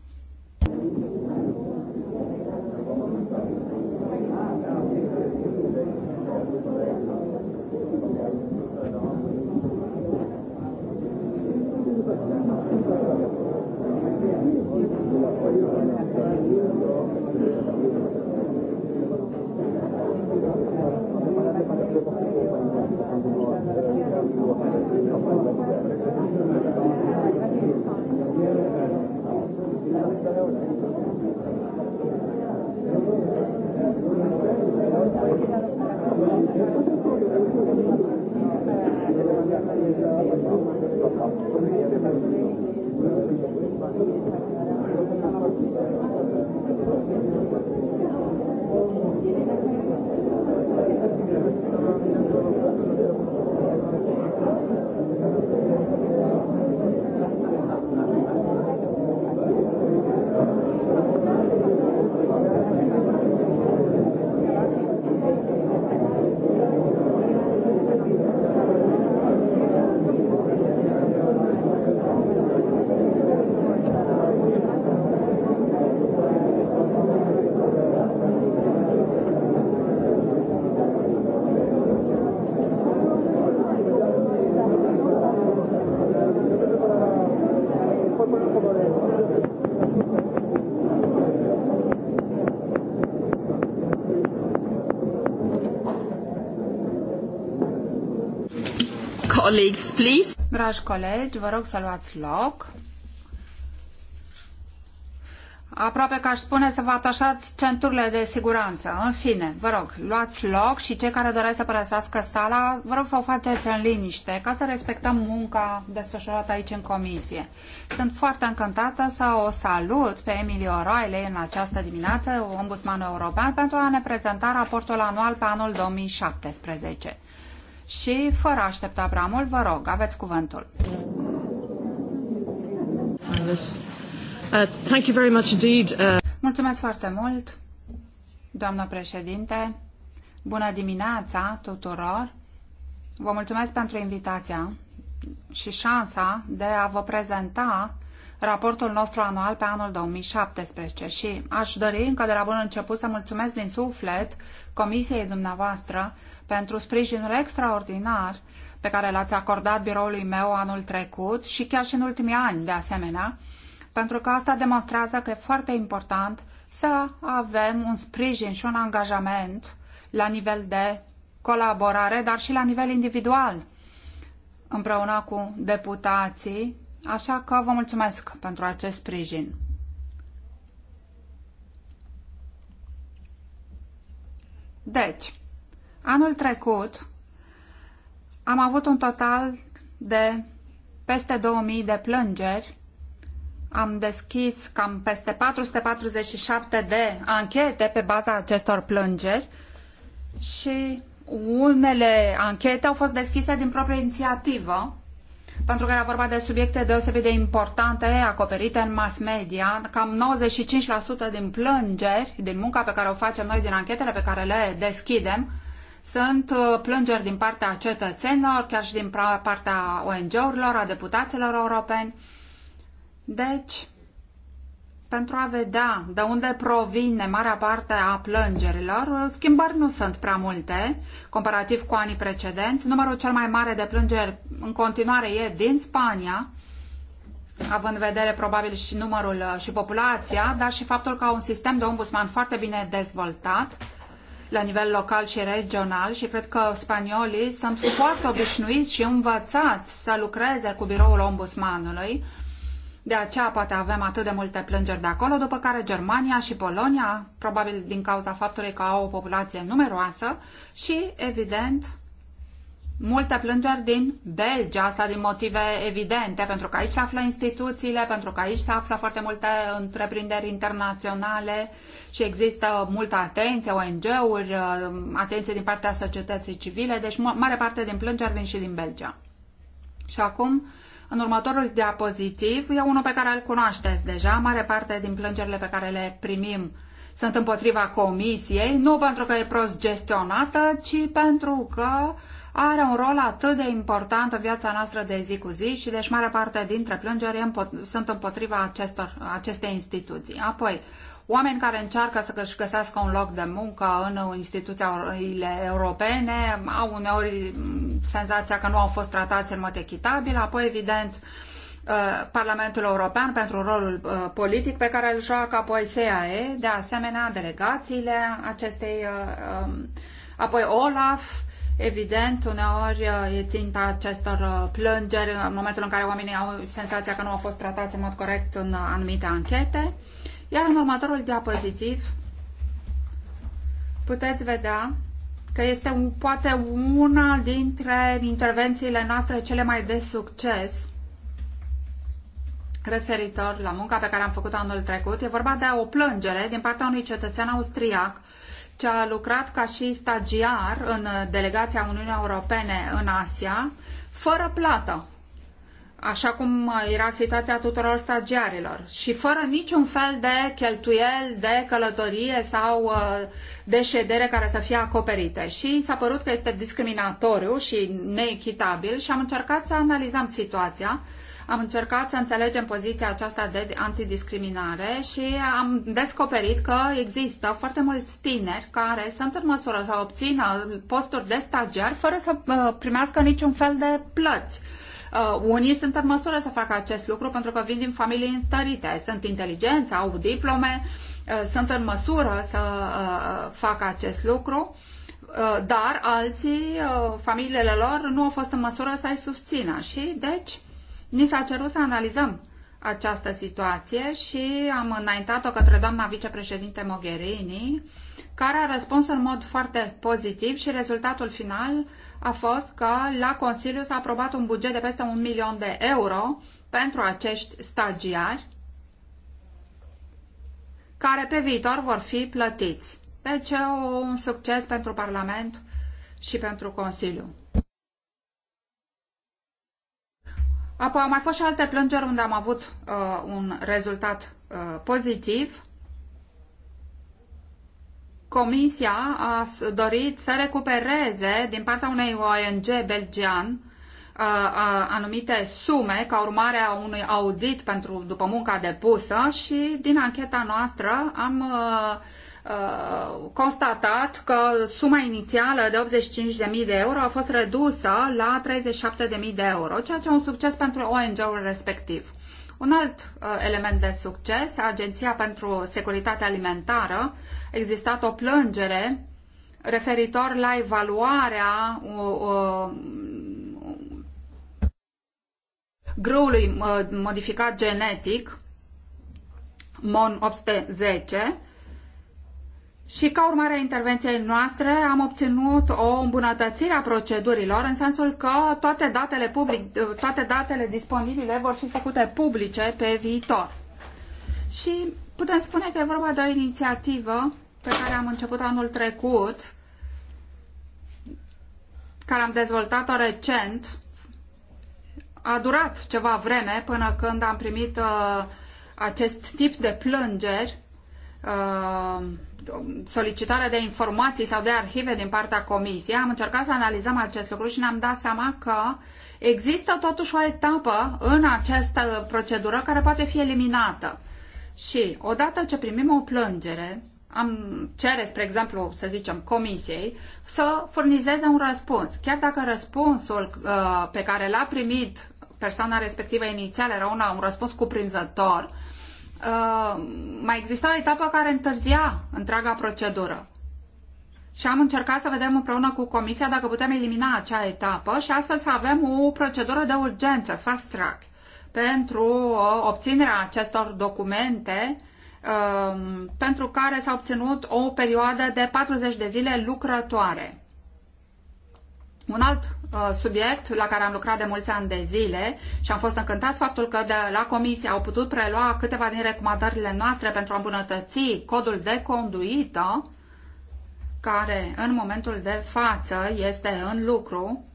colleagues, please. Dragi colegi, vă rog să luați loc. Aproape că aș spune să vă atașați centurile de siguranță. În fine, vă rog, luați loc și cei care doresc să părăsească sala, vă rog să o faceți în liniște, ca să respectăm munca desfășurată aici în comisie. Sunt foarte încântată să o salut pe Emilio O'Reilly în această dimineață, ombudsmanul european, pentru a ne prezenta raportul anual pe anul 2017. Și fără a aștepta prea mult, vă rog, aveți cuvântul. Uh, thank you very much indeed. Uh, mulțumesc foarte mult, doamnă președinte. Bună dimineața tuturor. Vă mulțumesc pentru invitația și șansa de a vă prezenta raportul nostru anual pe anul 2017 și aș dori încă de la bun început să mulțumesc din suflet Comisiei dumneavoastră pentru sprijinul extraordinar pe care l-ați acordat biroului meu anul trecut și chiar și în ultimii ani, de asemenea, pentru că asta demonstrează că e foarte important să avem un sprijin și un angajament la nivel de colaborare, dar și la nivel individual, împreună cu deputații, așa că vă mulțumesc pentru acest sprijin. Deci, Anul trecut am avut un total de peste 2000 de plângeri. Am deschis cam peste 447 de anchete pe baza acestor plângeri și unele anchete au fost deschise din proprie inițiativă, pentru că era vorba de subiecte deosebit de importante, acoperite în mass media. Cam 95% din plângeri, din munca pe care o facem noi, din anchetele pe care le deschidem, sunt uh, plângeri din partea cetățenilor, chiar și din partea ONG-urilor, a deputaților europeni. Deci, pentru a vedea de unde provine marea parte a plângerilor, uh, schimbări nu sunt prea multe, comparativ cu anii precedenți. Numărul cel mai mare de plângeri în continuare e din Spania, având în vedere probabil și numărul uh, și populația, dar și faptul că au un sistem de ombudsman foarte bine dezvoltat, la nivel local și regional și cred că spaniolii sunt foarte obișnuiți și învățați să lucreze cu biroul ombudsmanului. De aceea poate avem atât de multe plângeri de acolo, după care Germania și Polonia, probabil din cauza faptului că au o populație numeroasă și, evident, multe plângeri din Belgia, asta din motive evidente, pentru că aici se află instituțiile, pentru că aici se află foarte multe întreprinderi internaționale și există multă atenție, ONG-uri, uh, atenție din partea societății civile, deci mare parte din plângeri vin și din Belgia. Și acum, în următorul diapozitiv, e unul pe care îl cunoașteți deja, mare parte din plângerile pe care le primim sunt împotriva comisiei, nu pentru că e prost gestionată, ci pentru că are un rol atât de important în viața noastră de zi cu zi și deci mare parte dintre plângeri sunt împotriva acestor, acestei instituții. Apoi, oameni care încearcă să își găsească un loc de muncă în instituțiile europene au uneori mm, senzația că nu au fost tratați în mod echitabil, apoi evident Uh, Parlamentul European pentru rolul uh, politic pe care îl joacă, apoi CAE, de asemenea delegațiile acestei, uh, um, apoi OLAF, Evident, uneori e ținta acestor plângeri în momentul în care oamenii au senzația că nu au fost tratați în mod corect în anumite anchete. Iar în următorul diapozitiv puteți vedea că este poate una dintre intervențiile noastre cele mai de succes referitor la munca pe care am făcut-o anul trecut. E vorba de o plângere din partea unui cetățean austriac ce a lucrat ca și stagiar în delegația Uniunii Europene în Asia, fără plată, așa cum era situația tuturor stagiarilor și fără niciun fel de cheltuiel de călătorie sau uh, de ședere care să fie acoperite. Și s-a părut că este discriminatoriu și neechitabil și am încercat să analizăm situația am încercat să înțelegem poziția aceasta de antidiscriminare și am descoperit că există foarte mulți tineri care sunt în măsură să obțină posturi de stagiar fără să uh, primească niciun fel de plăți. Uh, unii sunt în măsură să facă acest lucru pentru că vin din familii înstărite, sunt inteligenți, au diplome, uh, sunt în măsură să uh, facă acest lucru, uh, dar alții, uh, familiile lor, nu au fost în măsură să-i susțină. Și, deci, Ni s-a cerut să analizăm această situație și am înaintat-o către doamna vicepreședinte Mogherini, care a răspuns în mod foarte pozitiv și rezultatul final a fost că la Consiliu s-a aprobat un buget de peste un milion de euro pentru acești stagiari care pe viitor vor fi plătiți. Deci un succes pentru Parlament și pentru Consiliu. Apoi au mai fost și alte plângeri unde am avut uh, un rezultat uh, pozitiv. Comisia a dorit să recupereze din partea unei ONG belgian uh, uh, anumite sume ca urmare a unui audit pentru după munca depusă și din ancheta noastră am uh, Uh, constatat că suma inițială de 85.000 de euro a fost redusă la 37.000 de euro, ceea ce e un succes pentru ONG-ul respectiv. Un alt uh, element de succes, Agenția pentru Securitate Alimentară, existat o plângere referitor la evaluarea uh, grâului modificat genetic, MON 810, și ca urmare a intervenției noastre am obținut o îmbunătățire a procedurilor în sensul că toate datele, public, toate datele disponibile vor fi făcute publice pe viitor. Și putem spune că e vorba de o inițiativă pe care am început anul trecut, care am dezvoltat-o recent. A durat ceva vreme până când am primit uh, acest tip de plângeri Uh, solicitarea de informații sau de arhive din partea comisiei, am încercat să analizăm acest lucru și ne-am dat seama că există totuși o etapă în această procedură care poate fi eliminată. Și odată ce primim o plângere, am cere, spre exemplu, să zicem, comisiei să furnizeze un răspuns. Chiar dacă răspunsul uh, pe care l-a primit persoana respectivă inițial era una, un răspuns cuprinzător, Uh, mai exista o etapă care întârzia întreaga procedură. Și am încercat să vedem împreună cu Comisia dacă putem elimina acea etapă și astfel să avem o procedură de urgență, fast track, pentru uh, obținerea acestor documente uh, pentru care s-a obținut o perioadă de 40 de zile lucrătoare. Un alt uh, subiect la care am lucrat de mulți ani de zile și am fost încântați faptul că de la comisie au putut prelua câteva din recomandările noastre pentru a îmbunătăți codul de conduită, care în momentul de față este în lucru.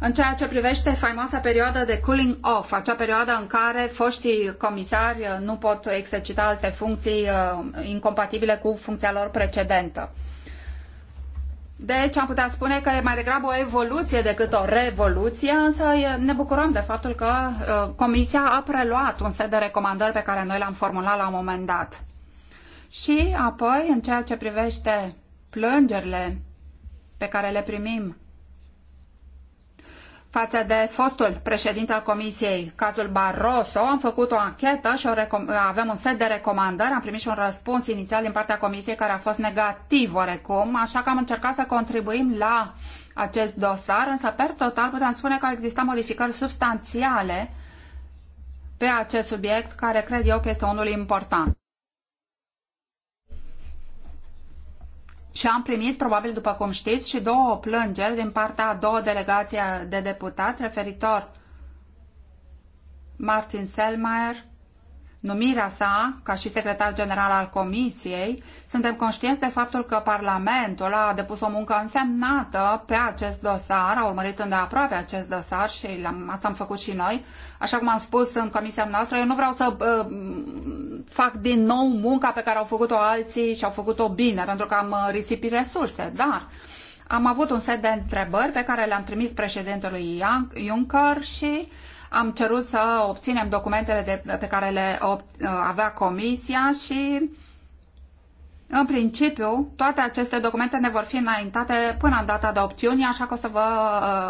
În ceea ce privește faimoasa perioadă de cooling off, acea perioadă în care foștii comisari uh, nu pot exercita alte funcții uh, incompatibile cu funcția lor precedentă. Deci am putea spune că e mai degrabă o evoluție decât o revoluție, însă ne bucurăm de faptul că uh, Comisia a preluat un set de recomandări pe care noi le-am formulat la un moment dat. Și apoi, în ceea ce privește plângerile pe care le primim față de fostul președinte al Comisiei, cazul Barroso. Am făcut o anchetă și o avem un set de recomandări. Am primit și un răspuns inițial din partea Comisiei care a fost negativ oarecum, așa că am încercat să contribuim la acest dosar, însă per total putem spune că au existat modificări substanțiale pe acest subiect, care cred eu că este unul important. și am primit, probabil după cum știți, și două plângeri din partea a două delegații de deputați referitor Martin Selmayr numirea sa ca și secretar general al Comisiei, suntem conștienți de faptul că Parlamentul a depus o muncă însemnată pe acest dosar, a urmărit îndeaproape acest dosar și am asta am făcut și noi. Așa cum am spus în comisia noastră, eu nu vreau să uh, fac din nou munca pe care au făcut-o alții și au făcut-o bine, pentru că am uh, risipit resurse, dar am avut un set de întrebări pe care le-am trimis președintelui Juncker și am cerut să obținem documentele de, pe care le uh, avea comisia și în principiu, toate aceste documente ne vor fi înaintate până în data de iunie, așa că o să vă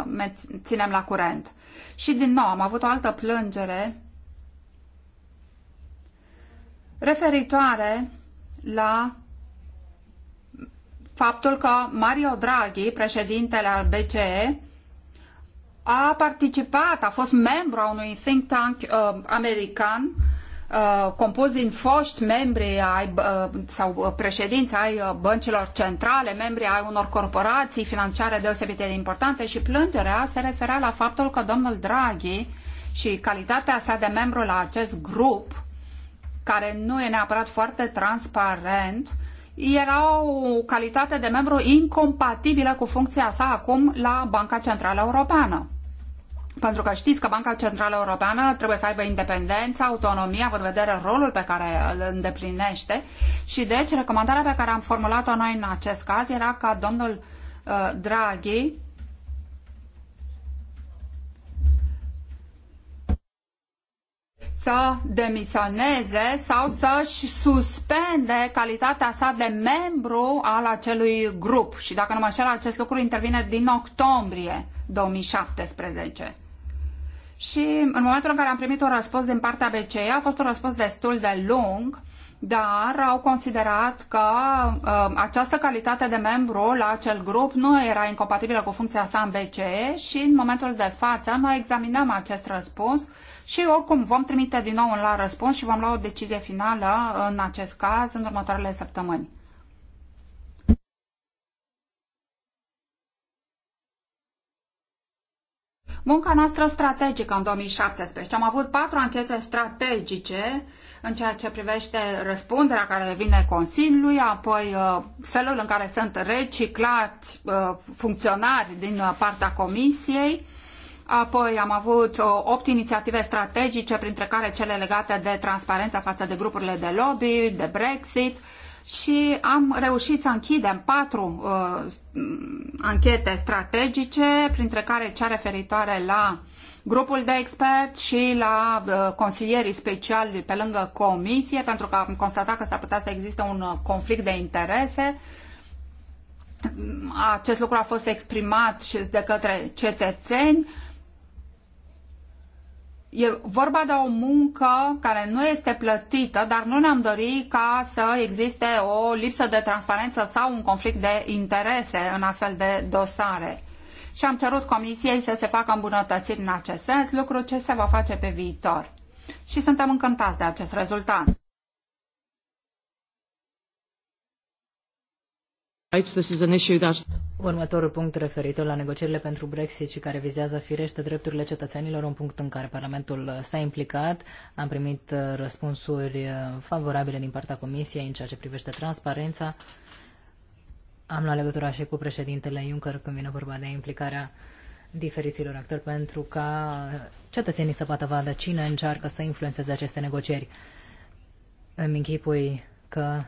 uh, ținem la curent. Și din nou, am avut o altă plângere referitoare la faptul că Mario Draghi, președintele al BCE, a participat, a fost membru a unui think tank uh, american uh, compus din foști membri ai, uh, sau uh, președinți ai uh, băncilor centrale, membri ai unor corporații financiare deosebite de importante și plângerea se referea la faptul că domnul Draghi și calitatea sa de membru la acest grup, care nu e neapărat foarte transparent, era o calitate de membru incompatibilă cu funcția sa acum la Banca Centrală Europeană pentru că știți că Banca Centrală Europeană trebuie să aibă independența, autonomia, având în vedere rolul pe care îl îndeplinește. Și deci, recomandarea pe care am formulat-o noi în acest caz era ca domnul uh, Draghi să demisioneze sau să-și suspende calitatea sa de membru al acelui grup. Și dacă nu mă înșel, acest lucru intervine din octombrie 2017. Și în momentul în care am primit un răspuns din partea BCE, a fost un răspuns destul de lung, dar au considerat că uh, această calitate de membru la acel grup nu era incompatibilă cu funcția sa în BCE și în momentul de față noi examinăm acest răspuns și oricum vom trimite din nou un la răspuns și vom lua o decizie finală în acest caz în următoarele săptămâni. Munca noastră strategică în 2017. Am avut patru anchete strategice în ceea ce privește răspunderea care vine Consiliului, apoi uh, felul în care sunt reciclați uh, funcționari din uh, partea Comisiei, Apoi am avut opt inițiative strategice, printre care cele legate de transparența față de grupurile de lobby, de Brexit, și am reușit să închidem patru uh, anchete strategice, printre care cea referitoare la grupul de experți și la uh, consilierii speciali pe lângă comisie, pentru că am constatat că s-ar putea să existe un uh, conflict de interese. Acest lucru a fost exprimat și de către cetățeni E vorba de o muncă care nu este plătită, dar nu ne-am dorit ca să existe o lipsă de transparență sau un conflict de interese în astfel de dosare. Și am cerut comisiei să se facă îmbunătățiri în acest sens, lucru ce se va face pe viitor. Și suntem încântați de acest rezultat. Următorul punct referitor la negocierile pentru Brexit și care vizează firește drepturile cetățenilor, un punct în care Parlamentul s-a implicat. Am primit uh, răspunsuri uh, favorabile din partea Comisiei în ceea ce privește transparența. Am luat legătura și cu președintele Juncker când vine vorba de implicarea diferiților actori pentru ca cetățenii să poată vadă cine încearcă să influențeze aceste negocieri. Îmi închipui că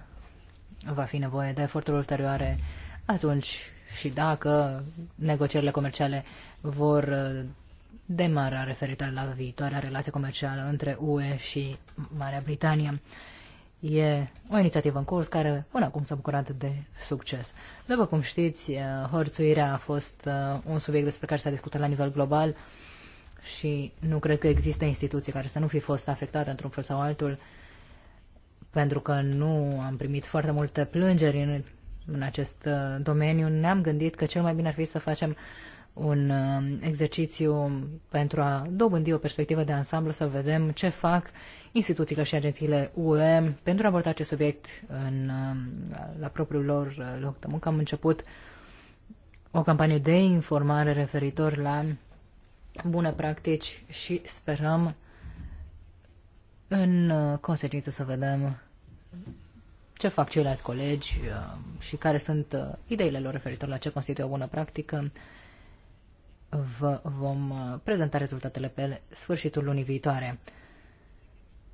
va fi nevoie de eforturi ulterioare atunci și dacă negocierile comerciale vor uh, demara referitor la viitoarea relație comercială între UE și Marea Britanie. E o inițiativă în curs care până acum s-a bucurat de succes. După cum știți, uh, hărțuirea a fost uh, un subiect despre care s-a discutat la nivel global și nu cred că există instituții care să nu fi fost afectate într-un fel sau altul pentru că nu am primit foarte multe plângeri în, în acest uh, domeniu, ne-am gândit că cel mai bine ar fi să facem un uh, exercițiu pentru a dobândi o perspectivă de ansamblu, să vedem ce fac instituțiile și agențiile UE pentru a aborda acest subiect în, uh, la propriul lor loc de muncă. Am început o campanie de informare referitor la bune practici și sperăm în uh, consecință să vedem ce fac ceilalți colegi uh, și care sunt uh, ideile lor referitor la ce constituie o bună practică. Vă vom prezenta rezultatele pe sfârșitul lunii viitoare.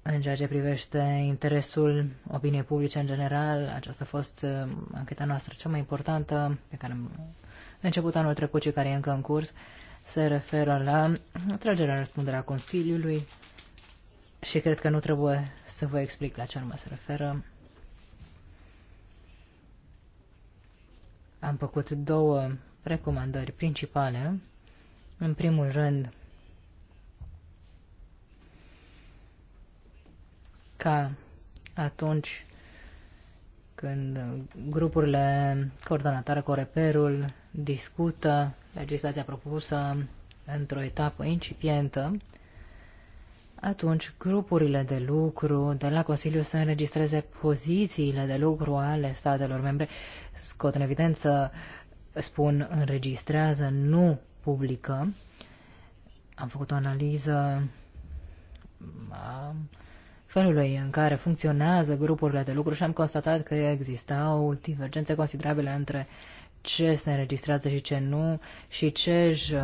În ceea ce privește interesul opiniei publice în general, aceasta a fost încheta noastră cea mai importantă pe care am început anul trecut și care e încă în curs, se referă la tragerea răspunderea Consiliului, și cred că nu trebuie să vă explic la ce anume se referă. Am făcut două recomandări principale. În primul rând, ca atunci când grupurile coordonatoare cu reperul discută legislația propusă într-o etapă incipientă, atunci grupurile de lucru de la Consiliu să înregistreze pozițiile de lucru ale statelor membre, scot în evidență, spun înregistrează, nu publică. Am făcut o analiză a felului în care funcționează grupurile de lucru și am constatat că existau divergențe considerabile între ce se înregistrează și ce nu și ce își uh,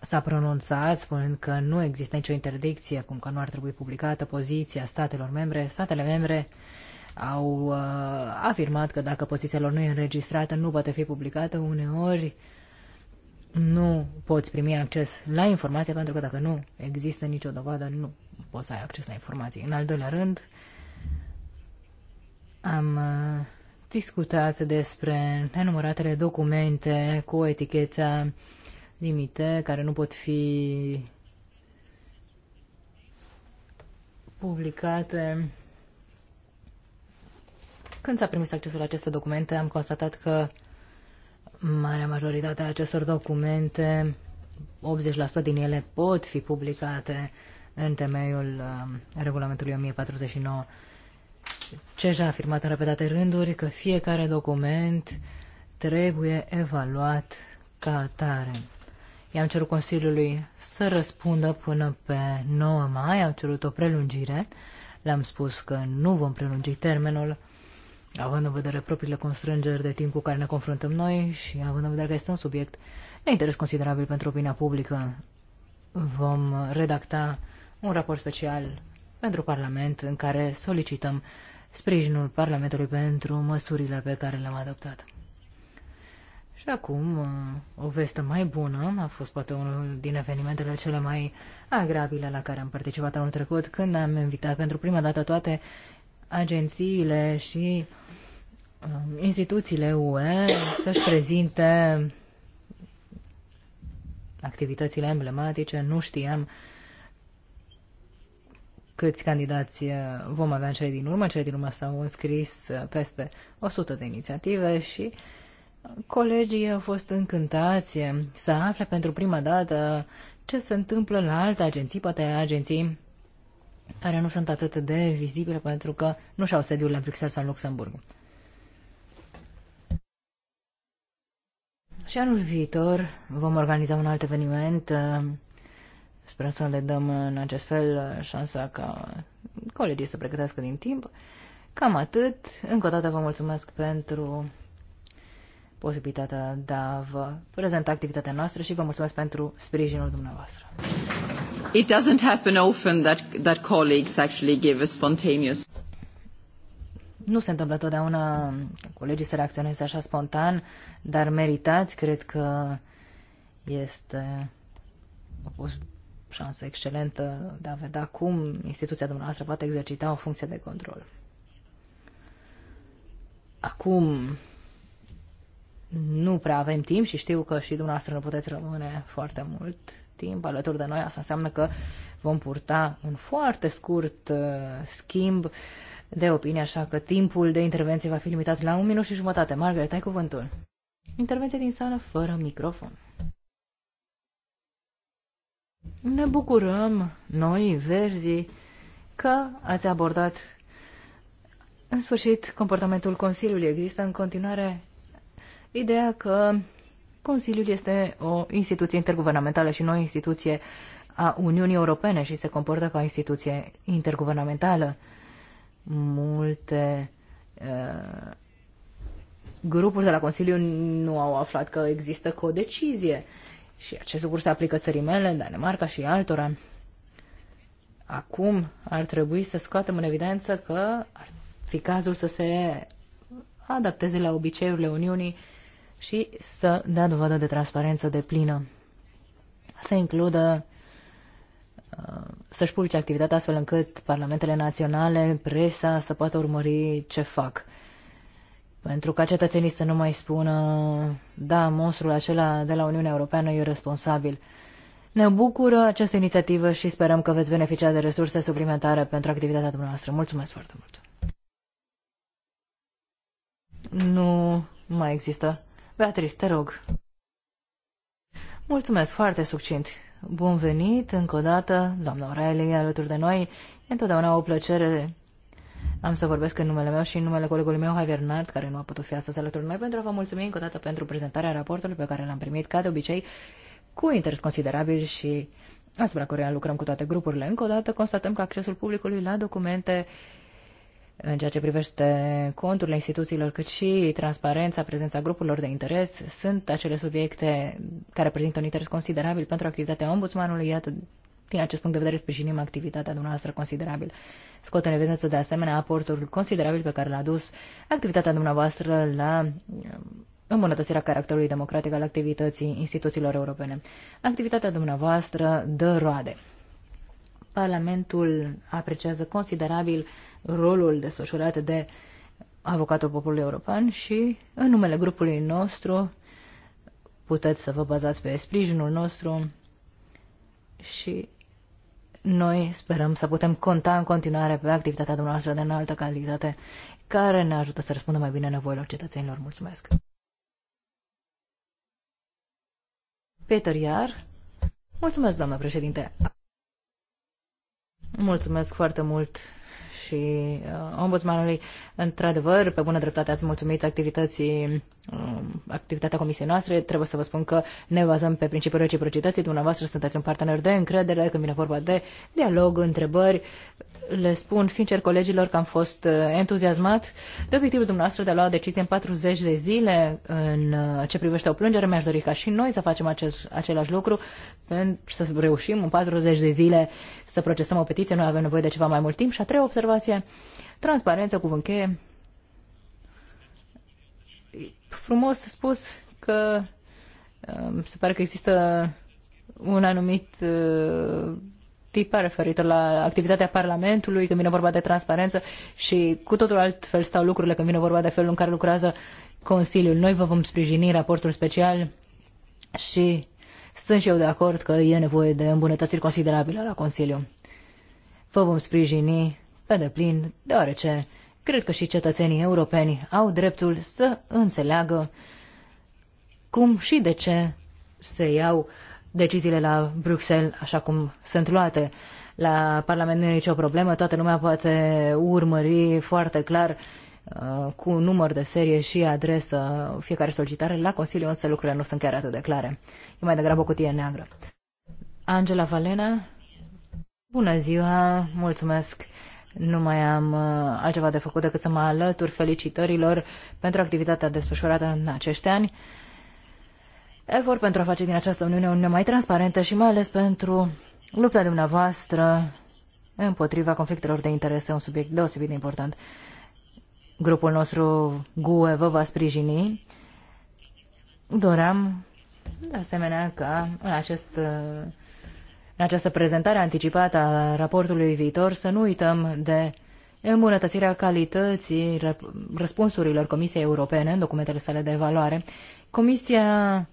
s-a pronunțat spunând că nu există nicio interdicție, cum că nu ar trebui publicată poziția statelor membre. Statele membre au uh, afirmat că dacă poziția lor nu e înregistrată, nu poate fi publicată. Uneori nu poți primi acces la informație, pentru că dacă nu există nicio dovadă, nu poți să ai acces la informații. În al doilea rând, am uh, discutat despre nenumăratele documente cu eticheta limite care nu pot fi publicate. Când s-a primit accesul la aceste documente, am constatat că marea majoritate a acestor documente, 80% din ele pot fi publicate în temeiul um, regulamentului 1049. și a afirmat în repetate rânduri că fiecare document trebuie evaluat ca atare. I-am cerut Consiliului să răspundă până pe 9 mai, am cerut o prelungire, le-am spus că nu vom prelungi termenul, având în vedere propriile constrângeri de timp cu care ne confruntăm noi și având în vedere că este un subiect de interes considerabil pentru opinia publică, vom redacta un raport special pentru Parlament în care solicităm sprijinul Parlamentului pentru măsurile pe care le-am adoptat. Și acum, uh, o veste mai bună a fost poate unul din evenimentele cele mai agrabile la care am participat anul trecut, când am invitat pentru prima dată toate agențiile și um, instituțiile UE să-și prezinte activitățile emblematice. Nu știam câți candidați uh, vom avea în cele din urmă. Cele din urmă s-au înscris peste 100 de inițiative și uh, Colegii au fost încântați să afle pentru prima dată ce se întâmplă la alte agenții, poate agenții care nu sunt atât de vizibile pentru că nu și-au sediul la Bruxelles sau în Luxemburg. Și anul viitor vom organiza un alt eveniment. Sperăm să le dăm în acest fel șansa ca colegii să pregătească din timp. Cam atât. Încă o dată vă mulțumesc pentru posibilitatea de a vă prezenta activitatea noastră și vă mulțumesc pentru sprijinul dumneavoastră. It doesn't happen often that, that colleagues actually give a spontaneous nu se întâmplă totdeauna colegii să reacționeze așa spontan, dar meritați, cred că este o șansă excelentă de a vedea cum instituția dumneavoastră poate exercita o funcție de control. Acum, nu prea avem timp și știu că și dumneavoastră nu puteți rămâne foarte mult timp alături de noi. Asta înseamnă că vom purta un foarte scurt uh, schimb de opinie, așa că timpul de intervenție va fi limitat la un minut și jumătate. Margaret, ai cuvântul. Intervenție din sală fără microfon. Ne bucurăm, noi, verzi că ați abordat în sfârșit comportamentul Consiliului. Există în continuare ideea că Consiliul este o instituție interguvernamentală și nu o instituție a Uniunii Europene și se comportă ca o instituție interguvernamentală. Multe uh, grupuri de la Consiliu nu au aflat că există codecizie și acest lucru se aplică țării mele, Danemarca și altora. Acum ar trebui să scoatem în evidență că ar fi cazul să se adapteze la obiceiurile Uniunii uh, și să dea dovadă de transparență de plină. Să includă uh, să-și publice activitatea astfel încât parlamentele naționale, presa să poată urmări ce fac. Pentru ca cetățenii să nu mai spună, da, monstrul acela de la Uniunea Europeană e responsabil. Ne bucură această inițiativă și sperăm că veți beneficia de resurse suplimentare pentru activitatea dumneavoastră. Mulțumesc foarte mult! Nu mai există Beatrice, te rog. Mulțumesc, foarte succint. Bun venit încă o dată, doamna O'Reilly, alături de noi. E întotdeauna o plăcere am să vorbesc în numele meu și în numele colegului meu, Javier Nart, care nu a putut fi astăzi alături de noi, pentru a vă mulțumi încă o dată pentru prezentarea raportului pe care l-am primit, ca de obicei, cu interes considerabil și asupra căruia lucrăm cu toate grupurile. Încă o dată constatăm că accesul publicului la documente uh, în ceea ce privește conturile instituțiilor, cât și transparența, prezența grupurilor de interes, sunt acele subiecte care prezintă un interes considerabil pentru activitatea ombudsmanului, iată, din acest punct de vedere sprijinim activitatea dumneavoastră considerabil. Scot în evidență de asemenea aportul considerabil pe care l-a adus activitatea dumneavoastră la um, îmbunătățirea caracterului democratic al activității instituțiilor europene. Activitatea dumneavoastră dă roade. Parlamentul apreciază considerabil rolul desfășurat de avocatul poporului european și, în numele grupului nostru, puteți să vă bazați pe sprijinul nostru și noi sperăm să putem conta în continuare pe activitatea dumneavoastră de înaltă calitate care ne ajută să răspundă mai bine nevoilor cetățenilor. Mulțumesc! Peter Iar. Mulțumesc, doamnă președinte. Mulțumesc foarte mult și uh, ombudsmanului. Într-adevăr, pe bună dreptate ați mulțumit activității, uh, activitatea comisiei noastre. Trebuie să vă spun că ne bazăm pe principiul reciprocității. Dumneavoastră sunteți un partener de încredere când vine vorba de dialog, întrebări le spun sincer colegilor că am fost uh, entuziasmat de obiectivul dumneavoastră de a lua o decizie în 40 de zile în uh, ce privește o plângere. Mi-aș dori ca și noi să facem acest, același lucru, să reușim în 40 de zile să procesăm o petiție. Noi avem nevoie de ceva mai mult timp. Și a treia observație, transparență, cuvânt cheie. Frumos spus că uh, se pare că există un anumit tipa referitor la activitatea Parlamentului, când vine vorba de transparență și cu totul altfel stau lucrurile când vine vorba de felul în care lucrează Consiliul. Noi vă vom sprijini raportul special și sunt și eu de acord că e nevoie de îmbunătățiri considerabile la Consiliu. Vă vom sprijini pe deplin, deoarece cred că și cetățenii europeni au dreptul să înțeleagă cum și de ce se iau deciziile la Bruxelles așa cum sunt luate. La Parlament nu e nicio problemă, toată lumea poate urmări foarte clar uh, cu număr de serie și adresă fiecare solicitare. La Consiliu însă lucrurile nu sunt chiar atât de clare. E mai degrabă o cutie neagră. Angela Valena, bună ziua, mulțumesc. Nu mai am uh, altceva de făcut decât să mă alătur felicitărilor pentru activitatea desfășurată în acești ani efort pentru a face din această Uniune Uniune mai transparentă și mai ales pentru lupta dumneavoastră împotriva conflictelor de interese, un subiect deosebit de important. Grupul nostru GUE vă va sprijini. Doream, de asemenea, ca în, acest, în această prezentare anticipată a raportului viitor să nu uităm de îmbunătățirea calității răspunsurilor Comisiei Europene în documentele sale de evaluare. Comisia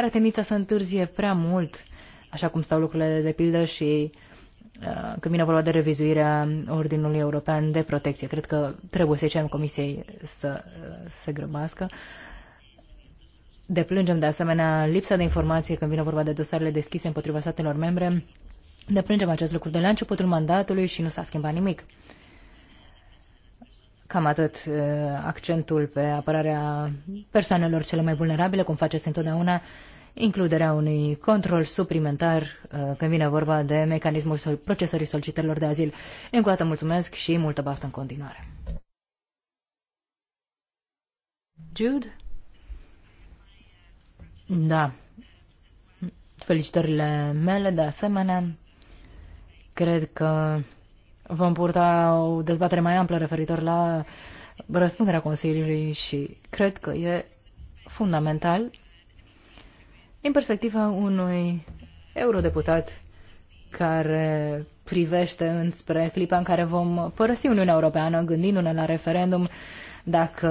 are temința să întârzie prea mult, așa cum stau lucrurile de pildă și uh, când vine vorba de revizuirea Ordinului European de Protecție. Cred că trebuie să-i cerem Comisiei să uh, se grăbească. Deplângem de asemenea lipsa de informație când vine vorba de dosarele deschise împotriva statelor membre. Deplângem acest lucru de la începutul mandatului și nu s-a schimbat nimic. Cam atât uh, accentul pe apărarea persoanelor cele mai vulnerabile, cum faceți întotdeauna includerea unui control suplimentar uh, când vine vorba de mecanismul procesării solicitărilor de azil. Încă o dată mulțumesc și multă baftă în continuare. Jude? Da. Felicitările mele, de asemenea, cred că vom purta o dezbatere mai amplă referitor la răspunderea Consiliului și cred că e fundamental din perspectiva unui eurodeputat care privește înspre clipa în care vom părăsi Uniunea Europeană gândindu-ne la referendum dacă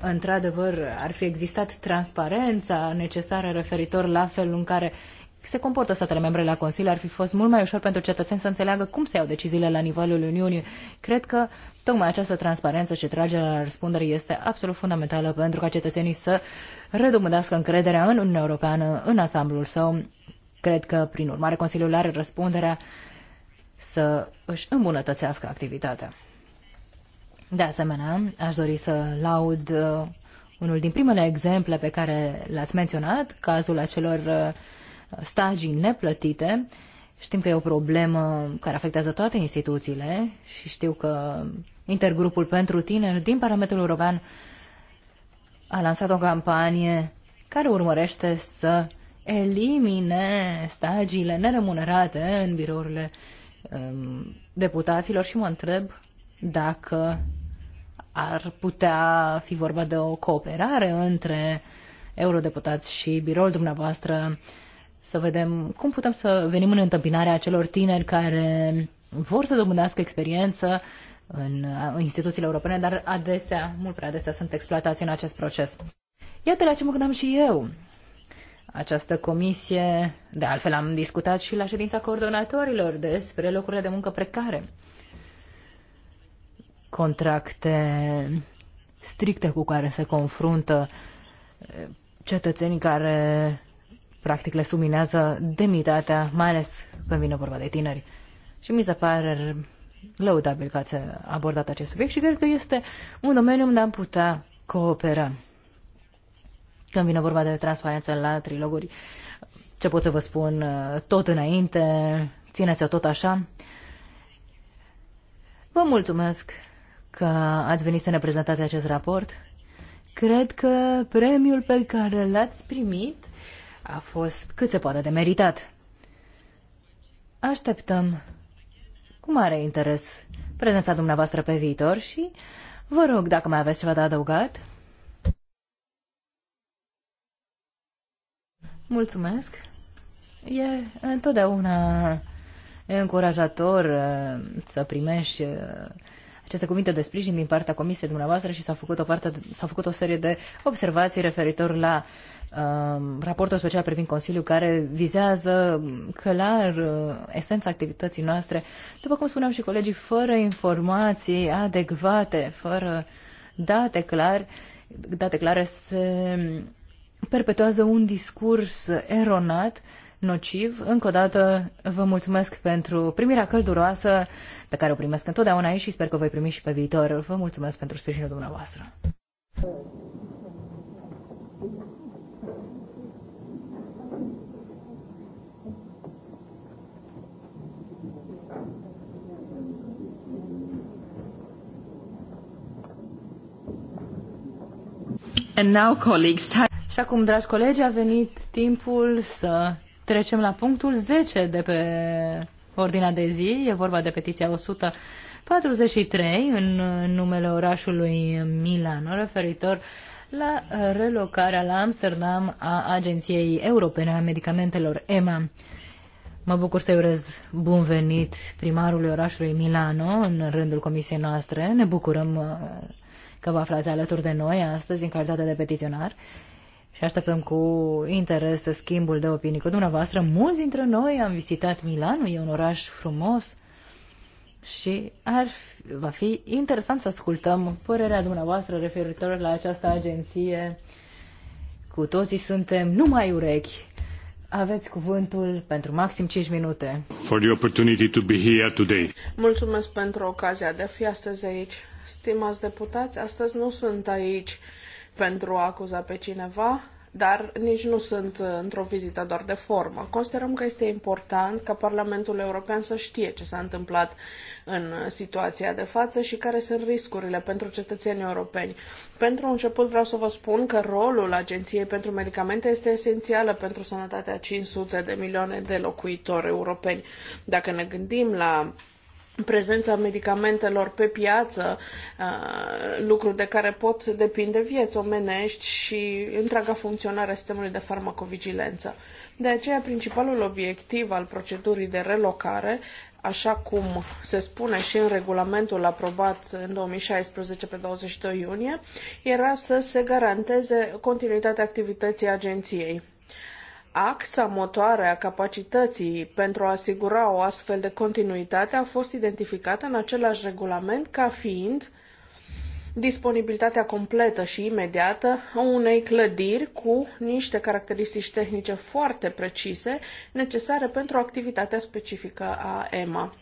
într-adevăr ar fi existat transparența necesară referitor la felul în care se comportă statele membre la Consiliu, ar fi fost mult mai ușor pentru cetățeni să înțeleagă cum se iau deciziile la nivelul Uniunii. Cred că tocmai această transparență și tragerea la răspundere este absolut fundamentală pentru ca cetățenii să redobândească încrederea în Uniunea Europeană, în ansamblul său. Cred că, prin urmare, Consiliul are răspunderea să își îmbunătățească activitatea. De asemenea, aș dori să laud uh, unul din primele exemple pe care l-ați menționat, cazul acelor uh, stagii neplătite. Știm că e o problemă care afectează toate instituțiile și știu că Intergrupul pentru Tineri din Parlamentul European a lansat o campanie care urmărește să elimine stagiile neremunerate în birourile um, deputaților și mă întreb dacă ar putea fi vorba de o cooperare între eurodeputați și biroul dumneavoastră să vedem cum putem să venim în întâmpinarea acelor tineri care vor să dobândească experiență uh, în instituțiile europene, dar adesea, mult prea adesea, sunt exploatați în acest proces. Iată la ce mă gândeam și eu. Această comisie, de altfel am discutat și la ședința coordonatorilor despre locurile de muncă precare. Contracte stricte cu care se confruntă cetățenii care practic le suminează demnitatea, mai ales când vine vorba de tineri. Și mi se pare lăudabil că ați abordat acest subiect și cred că este un domeniu unde am putea coopera. Când vine vorba de transparență la triloguri, ce pot să vă spun, tot înainte, țineți-o tot așa. Vă mulțumesc că ați venit să ne prezentați acest raport. Cred că premiul pe care l-ați primit a fost cât se poate de meritat. Așteptăm cu mare interes prezența dumneavoastră pe viitor și vă rog dacă mai aveți ceva de adăugat. Mulțumesc. E întotdeauna încurajator uh, să primești uh, aceste cuvinte de sprijin din partea comisiei dumneavoastră și s-au făcut o, parte, s-au făcut o serie de observații referitor la um, raportul special privind Consiliul care vizează clar uh, esența activității noastre, după cum spuneam și colegii, fără informații adecvate, fără date clare, date clare se perpetuează un discurs eronat, nociv. Încă o dată vă mulțumesc pentru primirea călduroasă pe care o primesc întotdeauna aici și sper că o voi primi și pe viitor. Vă mulțumesc pentru sprijinul dumneavoastră. And now, colleagues, time... Și acum, dragi colegi, a venit timpul să trecem la punctul 10 de pe ordinea de zi. E vorba de petiția 143 în numele orașului Milano, referitor la relocarea la Amsterdam a Agenției Europene a Medicamentelor EMA. Mă bucur să-i urez bun venit primarului orașului Milano în rândul comisiei noastre. Ne bucurăm uh, că vă aflați alături de noi astăzi în calitate de petiționar și așteptăm cu interes schimbul de opinii cu dumneavoastră. Mulți dintre noi am vizitat Milanul, e un oraș frumos și ar, fi, va fi interesant să ascultăm părerea dumneavoastră referitor la această agenție. Cu toții suntem numai urechi. Aveți cuvântul pentru maxim 5 minute. For the opportunity to be here today. Mulțumesc pentru ocazia de a fi astăzi aici. Stimați deputați, astăzi nu sunt aici pentru a acuza pe cineva, dar nici nu sunt uh, într-o vizită doar de formă. Considerăm că este important ca Parlamentul European să știe ce s-a întâmplat în uh, situația de față și care sunt riscurile pentru cetățenii europeni. Pentru început vreau să vă spun că rolul Agenției pentru Medicamente este esențială pentru sănătatea 500 de milioane de locuitori europeni. Dacă ne gândim la prezența medicamentelor pe piață, uh, lucruri de care pot depinde vieți omenești și întreaga funcționare a sistemului de farmacovigilență. De aceea, principalul obiectiv al procedurii de relocare așa cum se spune și în regulamentul aprobat în 2016 pe 22 iunie, era să se garanteze continuitatea activității agenției. Axa motoare a capacității pentru a asigura o astfel de continuitate a fost identificată în același regulament ca fiind disponibilitatea completă și imediată a unei clădiri cu niște caracteristici tehnice foarte precise necesare pentru activitatea specifică a EMA.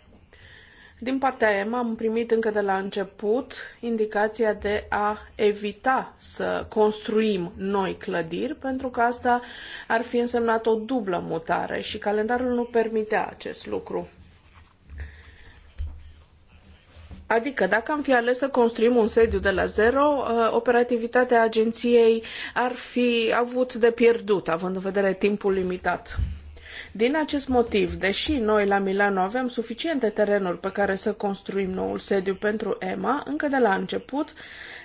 Din partea EMA am primit încă de la început indicația de a evita să construim noi clădiri, pentru că asta ar fi însemnat o dublă mutare și calendarul nu permitea acest lucru. Adică, dacă am fi ales să construim un sediu de la zero, uh, operativitatea agenției ar fi avut de pierdut, având în vedere timpul limitat. Din acest motiv, deși noi la Milano avem suficiente terenuri pe care să construim noul sediu pentru EMA, încă de la început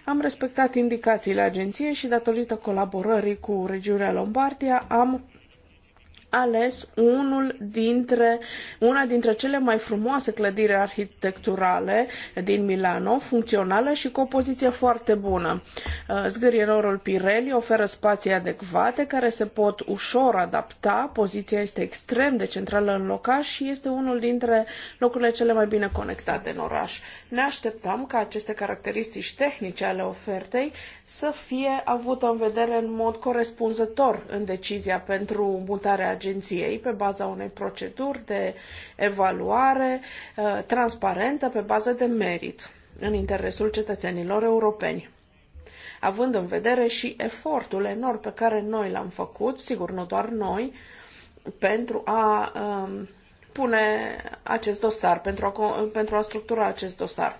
am respectat indicațiile agenției și datorită colaborării cu regiunea Lombardia am ales unul dintre, una dintre cele mai frumoase clădiri arhitecturale din Milano, funcțională și cu o poziție foarte bună. Uh, Zgârierorul Pirelli oferă spații adecvate care se pot ușor adapta, poziția este extrem de centrală în locaș și este unul dintre locurile cele mai bine conectate în oraș. Ne așteptam ca aceste caracteristici tehnice ale ofertei să fie avută în vedere în mod corespunzător în decizia pentru mutarea agenției pe baza unei proceduri de evaluare uh, transparentă pe bază de merit în interesul cetățenilor europeni având în vedere și efortul enorm pe care noi l-am făcut, sigur nu doar noi, pentru a um, pune acest dosar, pentru a, pentru a structura acest dosar.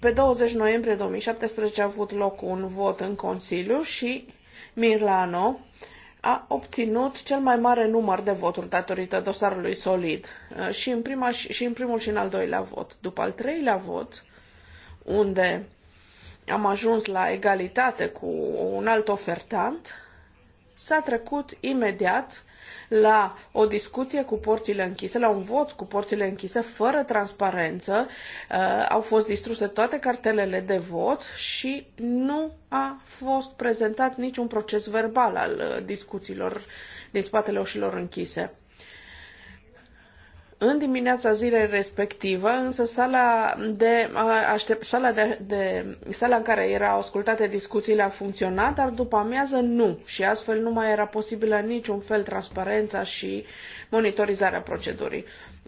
Pe 20 noiembrie 2017 a avut loc un vot în Consiliu și Mirlano a obținut cel mai mare număr de voturi datorită dosarului solid uh, și în, prima, și în primul și în al doilea vot. După al treilea vot, unde am ajuns la egalitate cu un alt ofertant, s-a trecut imediat la o discuție cu porțile închise, la un vot cu porțile închise, fără transparență. Uh, au fost distruse toate cartelele de vot și nu a fost prezentat niciun proces verbal al uh, discuțiilor din spatele ușilor închise. În dimineața zilei respectivă, însă sala de, aștept, sala, de, de, sala în care erau ascultate discuțiile a funcționat, dar după amiază nu și astfel nu mai era posibilă niciun fel transparența și monitorizarea procedurii.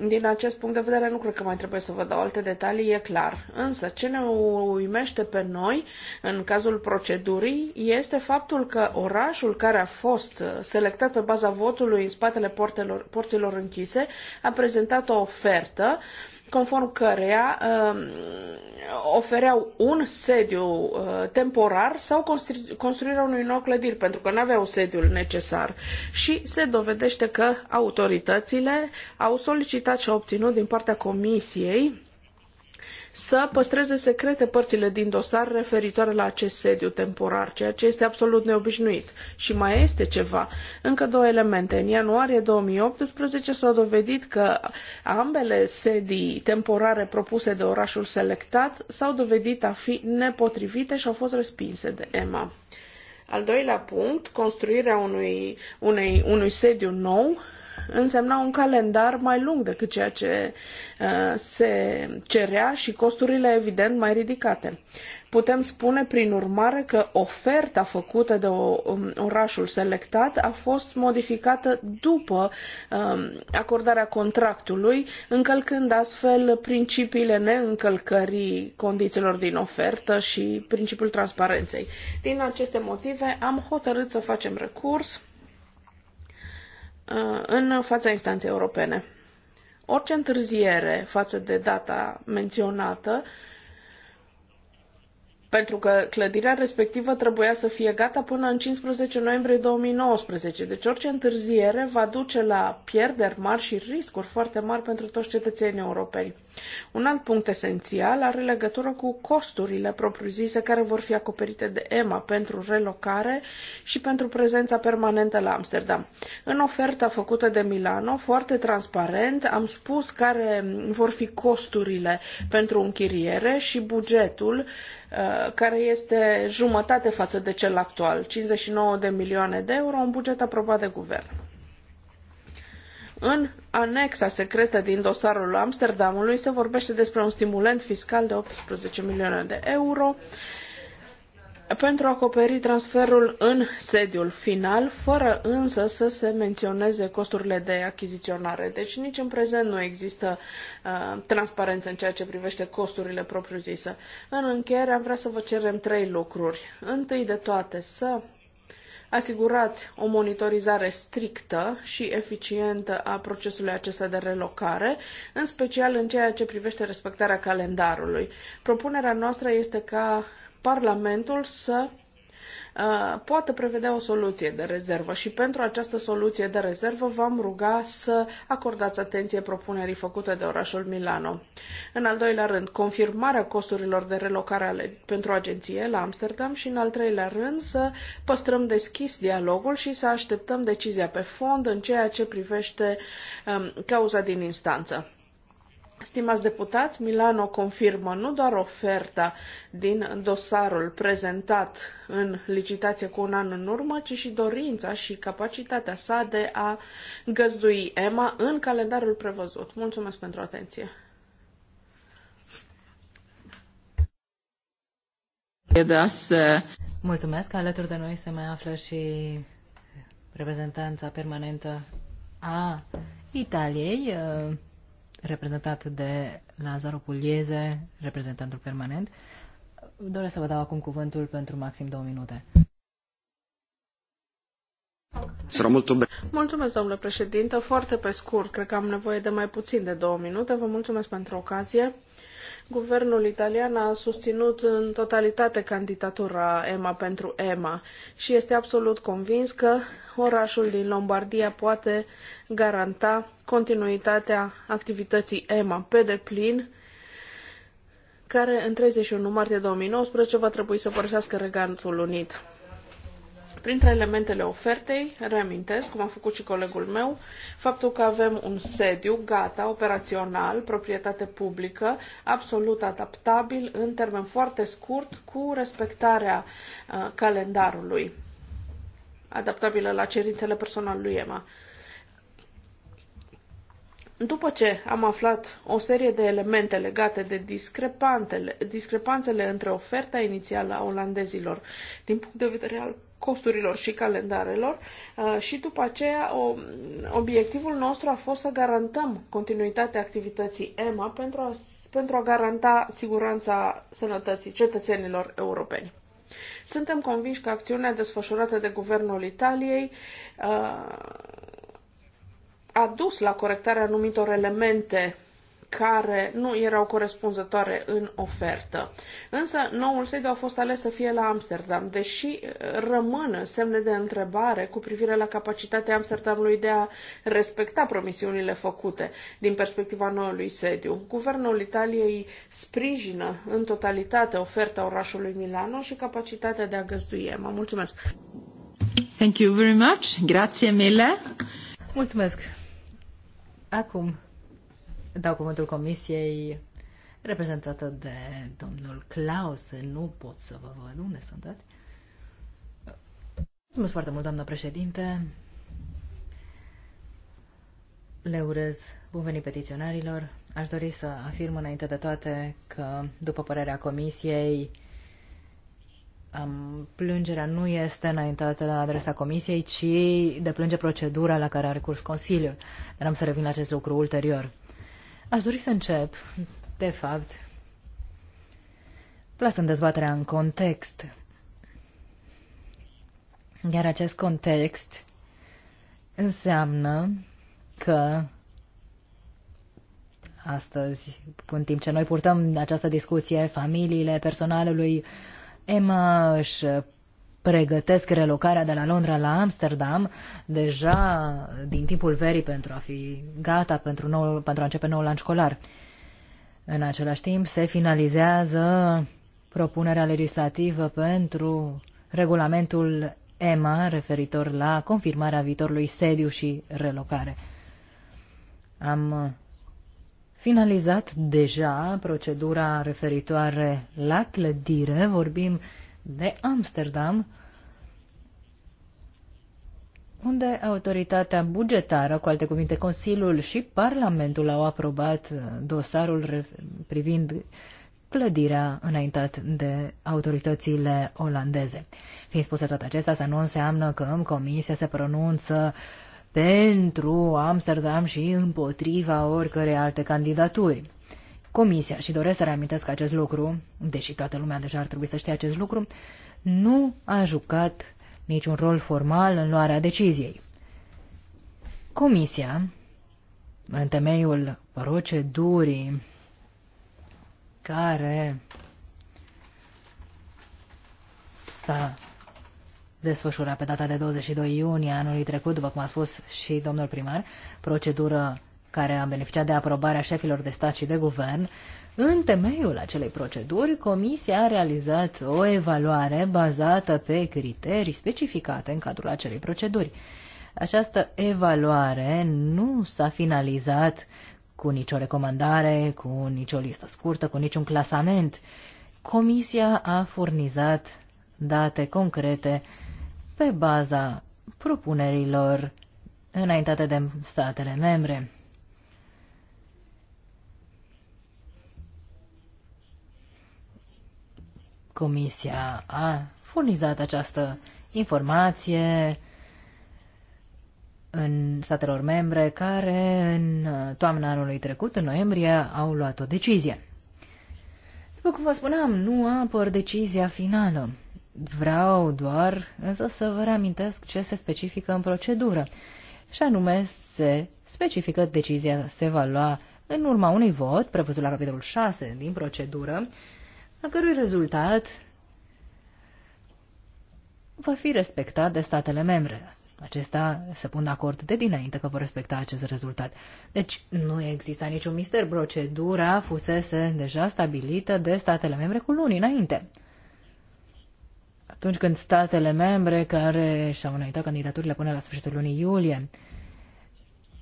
Din acest punct de vedere, nu cred că mai trebuie să vă dau alte detalii, e clar. Însă, ce ne uimește pe noi în cazul procedurii este faptul că orașul care a fost selectat pe baza votului în spatele porților închise a prezentat o ofertă conform căreia um, ofereau un sediu uh, temporar sau construirea unui nou clădiri, pentru că nu aveau sediul necesar. Și se dovedește că autoritățile au solicitat și au obținut din partea Comisiei să păstreze secrete părțile din dosar referitoare la acest sediu temporar, ceea ce este absolut neobișnuit. Și mai este ceva, încă două elemente. În ianuarie 2018 s-a dovedit că ambele sedii temporare propuse de orașul selectat s-au dovedit a fi nepotrivite și au fost respinse de EMA. Al doilea punct, construirea unui, unei, unui sediu nou însemna un calendar mai lung decât ceea ce uh, se cerea și costurile evident mai ridicate. Putem spune, prin urmare, că oferta făcută de o, um, orașul selectat a fost modificată după um, acordarea contractului, încălcând astfel principiile neîncălcării condițiilor din ofertă și principiul transparenței. Din aceste motive am hotărât să facem recurs Uh, în fața instanței europene. Orice întârziere față de data menționată pentru că clădirea respectivă trebuia să fie gata până în 15 noiembrie 2019. Deci orice întârziere va duce la pierderi mari și riscuri foarte mari pentru toți cetățenii europeni. Un alt punct esențial are legătură cu costurile propriu-zise care vor fi acoperite de EMA pentru relocare și pentru prezența permanentă la Amsterdam. În oferta făcută de Milano, foarte transparent, am spus care vor fi costurile pentru închiriere și bugetul Uh, care este jumătate față de cel actual, 59 de milioane de euro, un buget aprobat de guvern. În anexa secretă din dosarul Amsterdamului se vorbește despre un stimulent fiscal de 18 milioane de euro pentru a acoperi transferul în sediul final, fără însă să se menționeze costurile de achiziționare. Deci nici în prezent nu există uh, transparență în ceea ce privește costurile propriu-zise. În încheiere am vrea să vă cerem trei lucruri. Întâi de toate să asigurați o monitorizare strictă și eficientă a procesului acesta de relocare, în special în ceea ce privește respectarea calendarului. Propunerea noastră este ca Parlamentul să uh, poată prevedea o soluție de rezervă și pentru această soluție de rezervă v-am ruga să acordați atenție propunerii făcute de orașul Milano. În al doilea rând, confirmarea costurilor de relocare ale, pentru agenție la Amsterdam și în al treilea rând să păstrăm deschis dialogul și să așteptăm decizia pe fond în ceea ce privește um, cauza din instanță. Stimați deputați, Milano confirmă nu doar oferta din dosarul prezentat în licitație cu un an în urmă, ci și dorința și capacitatea sa de a găzdui EMA în calendarul prevăzut. Mulțumesc pentru atenție! Mulțumesc! Alături de noi se mai află și reprezentanța permanentă a Italiei, uh, reprezentat de Lazaro Pulieze, reprezentantul permanent. Doresc să vă dau acum cuvântul pentru maxim două minute. Mulțumesc, domnule președinte. Foarte pe scurt, cred că am nevoie de mai puțin de două minute. Vă mulțumesc pentru ocazie. Guvernul italian a susținut în totalitate candidatura EMA pentru EMA și este absolut convins că orașul din Lombardia poate garanta continuitatea activității EMA pe deplin care în 31 martie 2019 va trebui să părăsească Regatul Unit. Printre elementele ofertei, reamintesc, cum a făcut și colegul meu, faptul că avem un sediu gata, operațional, proprietate publică, absolut adaptabil, în termen foarte scurt, cu respectarea uh, calendarului, adaptabilă la cerințele personalului EMA. După ce am aflat o serie de elemente legate de discrepanțele între oferta inițială a olandezilor din punct de vedere al costurilor și calendarelor uh, și după aceea obiectivul nostru a fost să garantăm continuitatea activității EMA pentru a, pentru a garanta siguranța sănătății cetățenilor europeni. Suntem convinși că acțiunea desfășurată de guvernul Italiei uh, a dus la corectarea anumitor elemente care nu erau corespunzătoare în ofertă. Însă, noul sediu a fost ales să fie la Amsterdam, deși uh, rămân semne de întrebare cu privire la capacitatea Amsterdamului de a respecta promisiunile făcute din perspectiva noului sediu. Guvernul Italiei sprijină în totalitate oferta orașului Milano și capacitatea de a găzdui. Mă mulțumesc! Thank you very much. Grazie mille. Mulțumesc. Acum, Dau cuvântul comisiei reprezentată de domnul Claus. Nu pot să vă văd. Unde sunteți? Mulțumesc foarte mult, doamnă președinte. Le urez bun venit petiționarilor. Aș dori să afirm înainte de toate că, după părerea comisiei, plângerea nu este înaintată la adresa comisiei, ci deplânge procedura la care a recurs Consiliul. Dar am să revin la acest lucru ulterior. Aș dori să încep, de fapt, plasând dezbaterea în context. Iar acest context înseamnă că astăzi, în timp ce noi purtăm această discuție, familiile personalului Emma își pregătesc relocarea de la Londra la Amsterdam deja din timpul verii pentru a fi gata pentru, nou, pentru a începe noul an școlar. În același timp se finalizează propunerea legislativă pentru regulamentul EMA referitor la confirmarea viitorului sediu și relocare. Am finalizat deja procedura referitoare la clădire, vorbim de Amsterdam, unde autoritatea bugetară, cu alte cuvinte Consiliul și Parlamentul au aprobat uh, dosarul privind clădirea înaintat de autoritățile olandeze. Fiind spuse toate acestea, asta nu înseamnă că Comisia se pronunță pentru Amsterdam și împotriva oricărei alte candidaturi. Comisia, și doresc să reamintesc acest lucru, deși toată lumea deja ar trebui să știe acest lucru, nu a jucat niciun rol formal în luarea deciziei. Comisia, în temeiul procedurii care s-a desfășurat pe data de 22 iunie anului trecut, după cum a spus și domnul primar, procedură care a beneficiat de aprobarea șefilor de stat și de guvern, în temeiul acelei proceduri, Comisia a realizat o evaluare bazată pe criterii specificate în cadrul acelei proceduri. Această evaluare nu s-a finalizat cu nicio recomandare, cu nicio listă scurtă, cu niciun clasament. Comisia a furnizat date concrete pe baza propunerilor înaintate de statele membre. Comisia a furnizat această informație în statelor membre care în toamna anului trecut, în noiembrie, au luat o decizie. După cum vă spuneam, nu apăr decizia finală. Vreau doar însă să vă reamintesc ce se specifică în procedură. Și anume, se specifică decizia se va lua în urma unui vot prevăzut la capitolul 6 din procedură al cărui rezultat va fi respectat de statele membre. Acestea se pun de acord de dinainte că vor respecta acest rezultat. Deci nu exista niciun mister. Procedura fusese deja stabilită de statele membre cu luni înainte. Atunci când statele membre care și-au înaintat candidaturile până la sfârșitul lunii iulie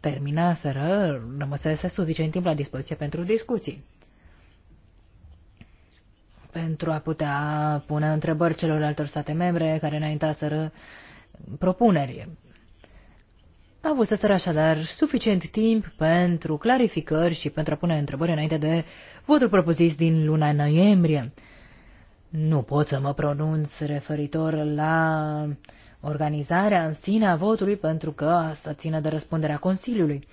terminaseră, rămăsese suficient timp la dispoziție pentru discuții pentru a putea pune întrebări celorlaltor state membre care înaintaseră propuneri. A avut Avuseseră așadar suficient timp pentru clarificări și pentru a pune întrebări înainte de votul propus din luna noiembrie. Nu pot să mă pronunț referitor la organizarea în sine a votului pentru că asta ține de răspunderea Consiliului.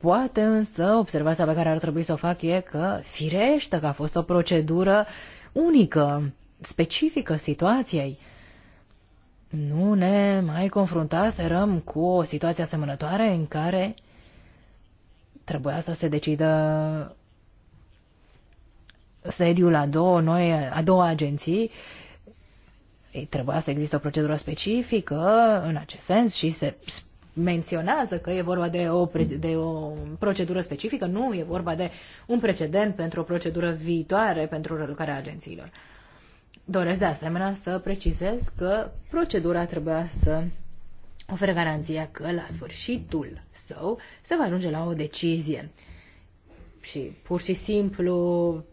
Poate însă observația pe care ar trebui să o fac e că firește că a fost o procedură unică, specifică situației. Nu ne mai confruntaserăm cu o situație asemănătoare în care trebuia să se decidă sediul a două, noi, a două agenții trebuia să existe o procedură specifică în acest sens și se menționează că e vorba de o, de o procedură specifică, nu e vorba de un precedent pentru o procedură viitoare pentru relocarea agențiilor. Doresc de asemenea să precizez că procedura trebuia să oferă garanția că la sfârșitul său se va ajunge la o decizie. Și pur și simplu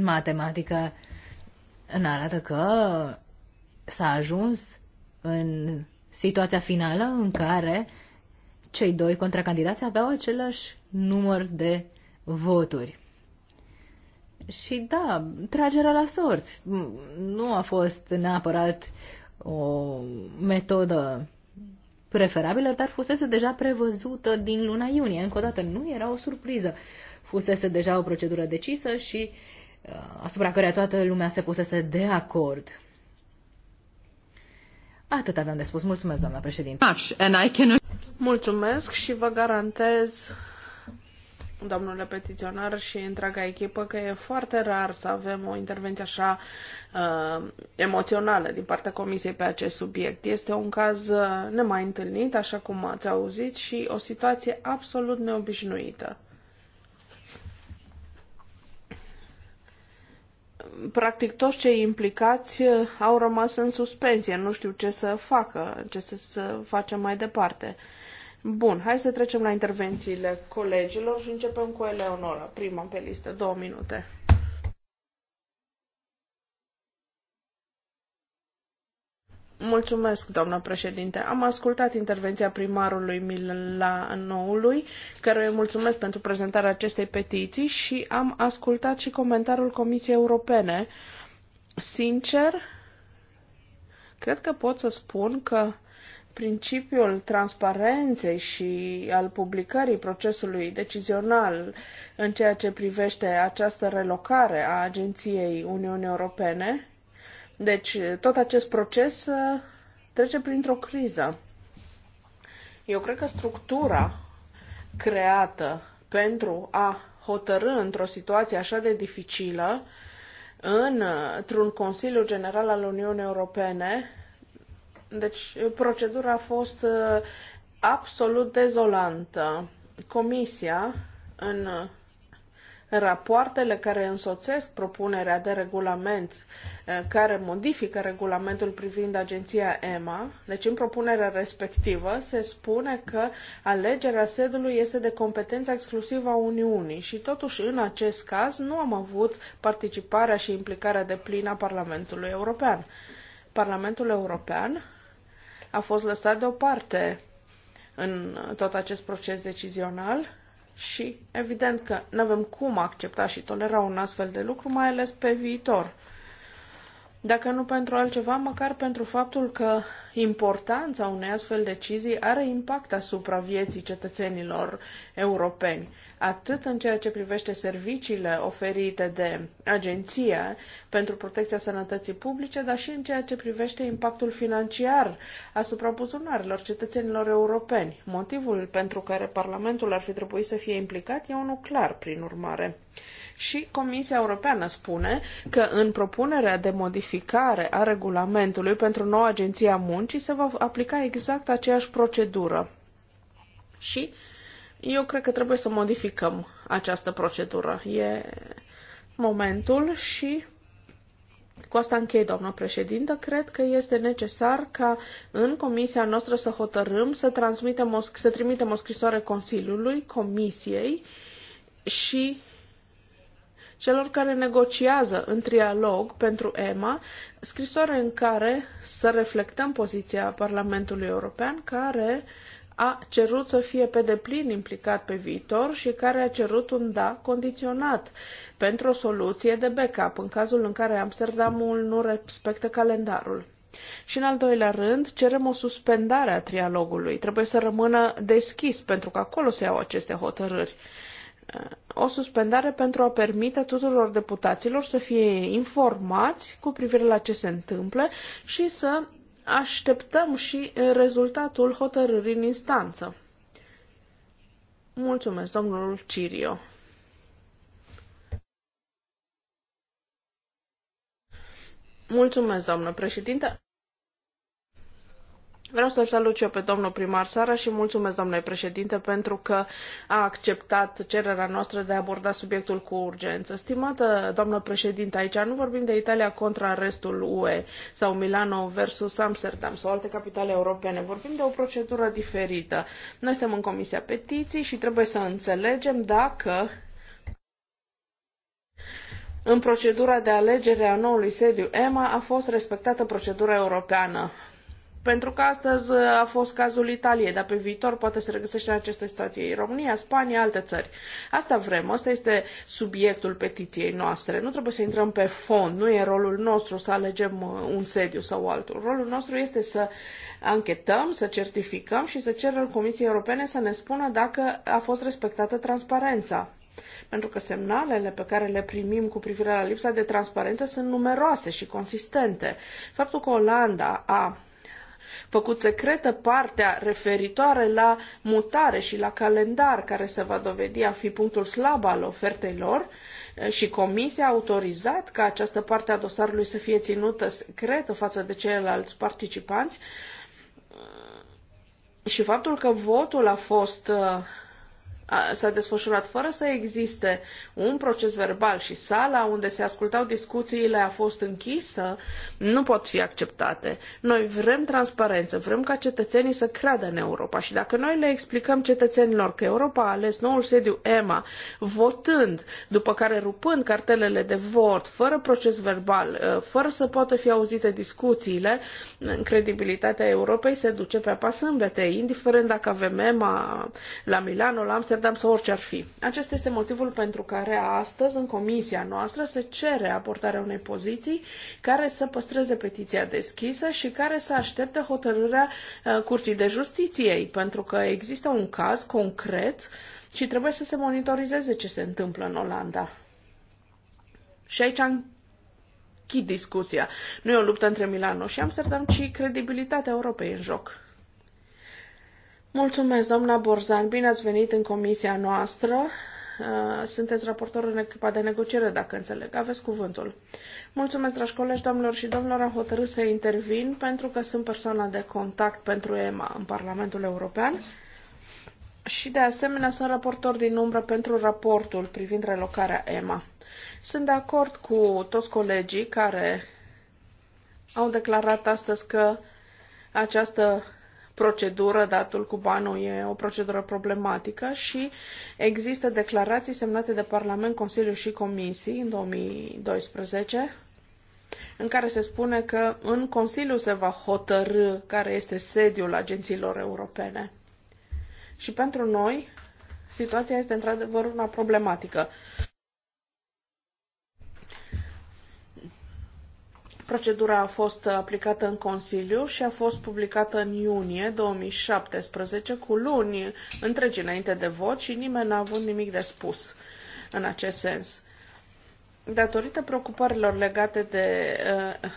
matematica ne arată că s-a ajuns în situația finală în care cei doi contracandidați aveau același număr de voturi. Și da, tragerea la sorți nu a fost neapărat o metodă preferabilă, dar fusese deja prevăzută din luna iunie. Încă o dată, nu era o surpriză. Fusese deja o procedură decisă și uh, asupra căreia toată lumea se pusese de acord. Atât aveam de spus. Mulțumesc, doamna președinte. Mulțumesc și vă garantez domnule petiționar și întreaga echipă că e foarte rar să avem o intervenție așa uh, emoțională din partea comisiei pe acest subiect. Este un caz uh, nemai întâlnit, așa cum ați auzit, și o situație absolut neobișnuită. practic toți cei implicați uh, au rămas în suspensie, nu știu ce să facă, ce să, să facem mai departe. Bun, hai să trecem la intervențiile colegilor și începem cu Eleonora, prima pe listă, două minute. Mulțumesc, doamnă președinte. Am ascultat intervenția primarului Milanoului, căruia îi mulțumesc pentru prezentarea acestei petiții și am ascultat și comentariul Comisiei Europene. Sincer, cred că pot să spun că principiul transparenței și al publicării procesului decizional în ceea ce privește această relocare a Agenției Uniunii Europene deci, tot acest proces uh, trece printr-o criză. Eu cred că structura creată pentru a hotărâ într-o situație așa de dificilă într-un Consiliu General al Uniunii Europene, deci procedura a fost uh, absolut dezolantă. Comisia, în în rapoartele care însoțesc propunerea de regulament eh, care modifică regulamentul privind agenția EMA. Deci în propunerea respectivă se spune că alegerea sedului este de competența exclusivă a Uniunii și totuși în acest caz nu am avut participarea și implicarea de plină a Parlamentului European. Parlamentul European a fost lăsat deoparte în tot acest proces decizional și evident că nu avem cum accepta și tolera un astfel de lucru, mai ales pe viitor dacă nu pentru altceva, măcar pentru faptul că importanța unei astfel de decizii are impact asupra vieții cetățenilor europeni, atât în ceea ce privește serviciile oferite de agenție pentru protecția sănătății publice, dar și în ceea ce privește impactul financiar asupra buzunarelor cetățenilor europeni. Motivul pentru care Parlamentul ar fi trebuit să fie implicat e unul clar, prin urmare. Și Comisia Europeană spune că în propunerea de modificare a regulamentului pentru noua agenție a muncii se va aplica exact aceeași procedură. Și eu cred că trebuie să modificăm această procedură. E momentul și cu asta închei, doamnă președintă. Cred că este necesar ca în comisia noastră să hotărâm să, transmitem o, să trimitem o scrisoare Consiliului, Comisiei și celor care negociază în trialog pentru EMA, scrisoare în care să reflectăm poziția Parlamentului European, care a cerut să fie pe deplin implicat pe viitor și care a cerut un da condiționat pentru o soluție de backup în cazul în care Amsterdamul nu respectă calendarul. Și în al doilea rând, cerem o suspendare a trialogului. Trebuie să rămână deschis pentru că acolo se iau aceste hotărâri o suspendare pentru a permite tuturor deputaților să fie informați cu privire la ce se întâmplă și să așteptăm și rezultatul hotărârii în instanță. Mulțumesc, domnul Cirio. Mulțumesc, doamnă președinte. Vreau să-l salut și eu pe domnul primar Sara și mulțumesc, domnule președinte, pentru că a acceptat cererea noastră de a aborda subiectul cu urgență. Stimată doamnă președinte, aici nu vorbim de Italia contra restul UE sau Milano versus Amsterdam sau alte capitale europene. Vorbim de o procedură diferită. Noi suntem în Comisia Petiții și trebuie să înțelegem dacă în procedura de alegere a noului sediu EMA a fost respectată procedura europeană. Pentru că astăzi uh, a fost cazul Italiei, dar pe viitor poate se regăsește în aceste situații România, Spania, alte țări. Asta vrem, asta este subiectul petiției noastre. Nu trebuie să intrăm pe fond, nu e rolul nostru să alegem uh, un sediu sau altul. Rolul nostru este să anchetăm, să certificăm și să cerem Comisiei Europene să ne spună dacă a fost respectată transparența. Pentru că semnalele pe care le primim cu privire la lipsa de transparență sunt numeroase și consistente. Faptul că Olanda a făcut secretă partea referitoare la mutare și la calendar, care se va dovedi a fi punctul slab al ofertei lor, eh, și Comisia a autorizat ca această parte a dosarului să fie ținută secretă față de ceilalți participanți, eh, și faptul că votul a fost eh, s-a desfășurat fără să existe un proces verbal și sala unde se ascultau discuțiile a fost închisă, nu pot fi acceptate. Noi vrem transparență, vrem ca cetățenii să creadă în Europa și dacă noi le explicăm cetățenilor că Europa a ales noul sediu EMA votând, după care rupând cartelele de vot, fără proces verbal, fără să poată fi auzite discuțiile, credibilitatea Europei se duce pe apasâmbete, indiferent dacă avem EMA la Milano, la Amsterdam, Amsterdam sau orice ar fi. Acesta este motivul pentru care astăzi, în comisia noastră, se cere aportarea unei poziții care să păstreze petiția deschisă și care să aștepte hotărârea uh, Curții de Justiției, pentru că există un caz concret și trebuie să se monitorizeze ce se întâmplă în Olanda. Și aici închid discuția. Nu e o luptă între Milano și Amsterdam, ci credibilitatea Europei în joc. Mulțumesc, doamna Borzan. Bine ați venit în comisia noastră. Uh, sunteți raportor în echipa de negociere, dacă înțeleg. Aveți cuvântul. Mulțumesc, dragi colegi, doamnelor și domnilor. Am hotărât să intervin pentru că sunt persoana de contact pentru EMA în Parlamentul European și, de asemenea, sunt raportor din umbră pentru raportul privind relocarea EMA. Sunt de acord cu toți colegii care au declarat astăzi că această procedură, datul cu banul e o procedură problematică și există declarații semnate de Parlament, Consiliu și Comisii în 2012 în care se spune că în Consiliu se va hotărâ care este sediul agențiilor europene. Și pentru noi, situația este într-adevăr una problematică. Procedura a fost aplicată în Consiliu și a fost publicată în iunie 2017, cu luni întregi înainte de vot și nimeni n-a avut nimic de spus în acest sens. Datorită preocupărilor legate de uh,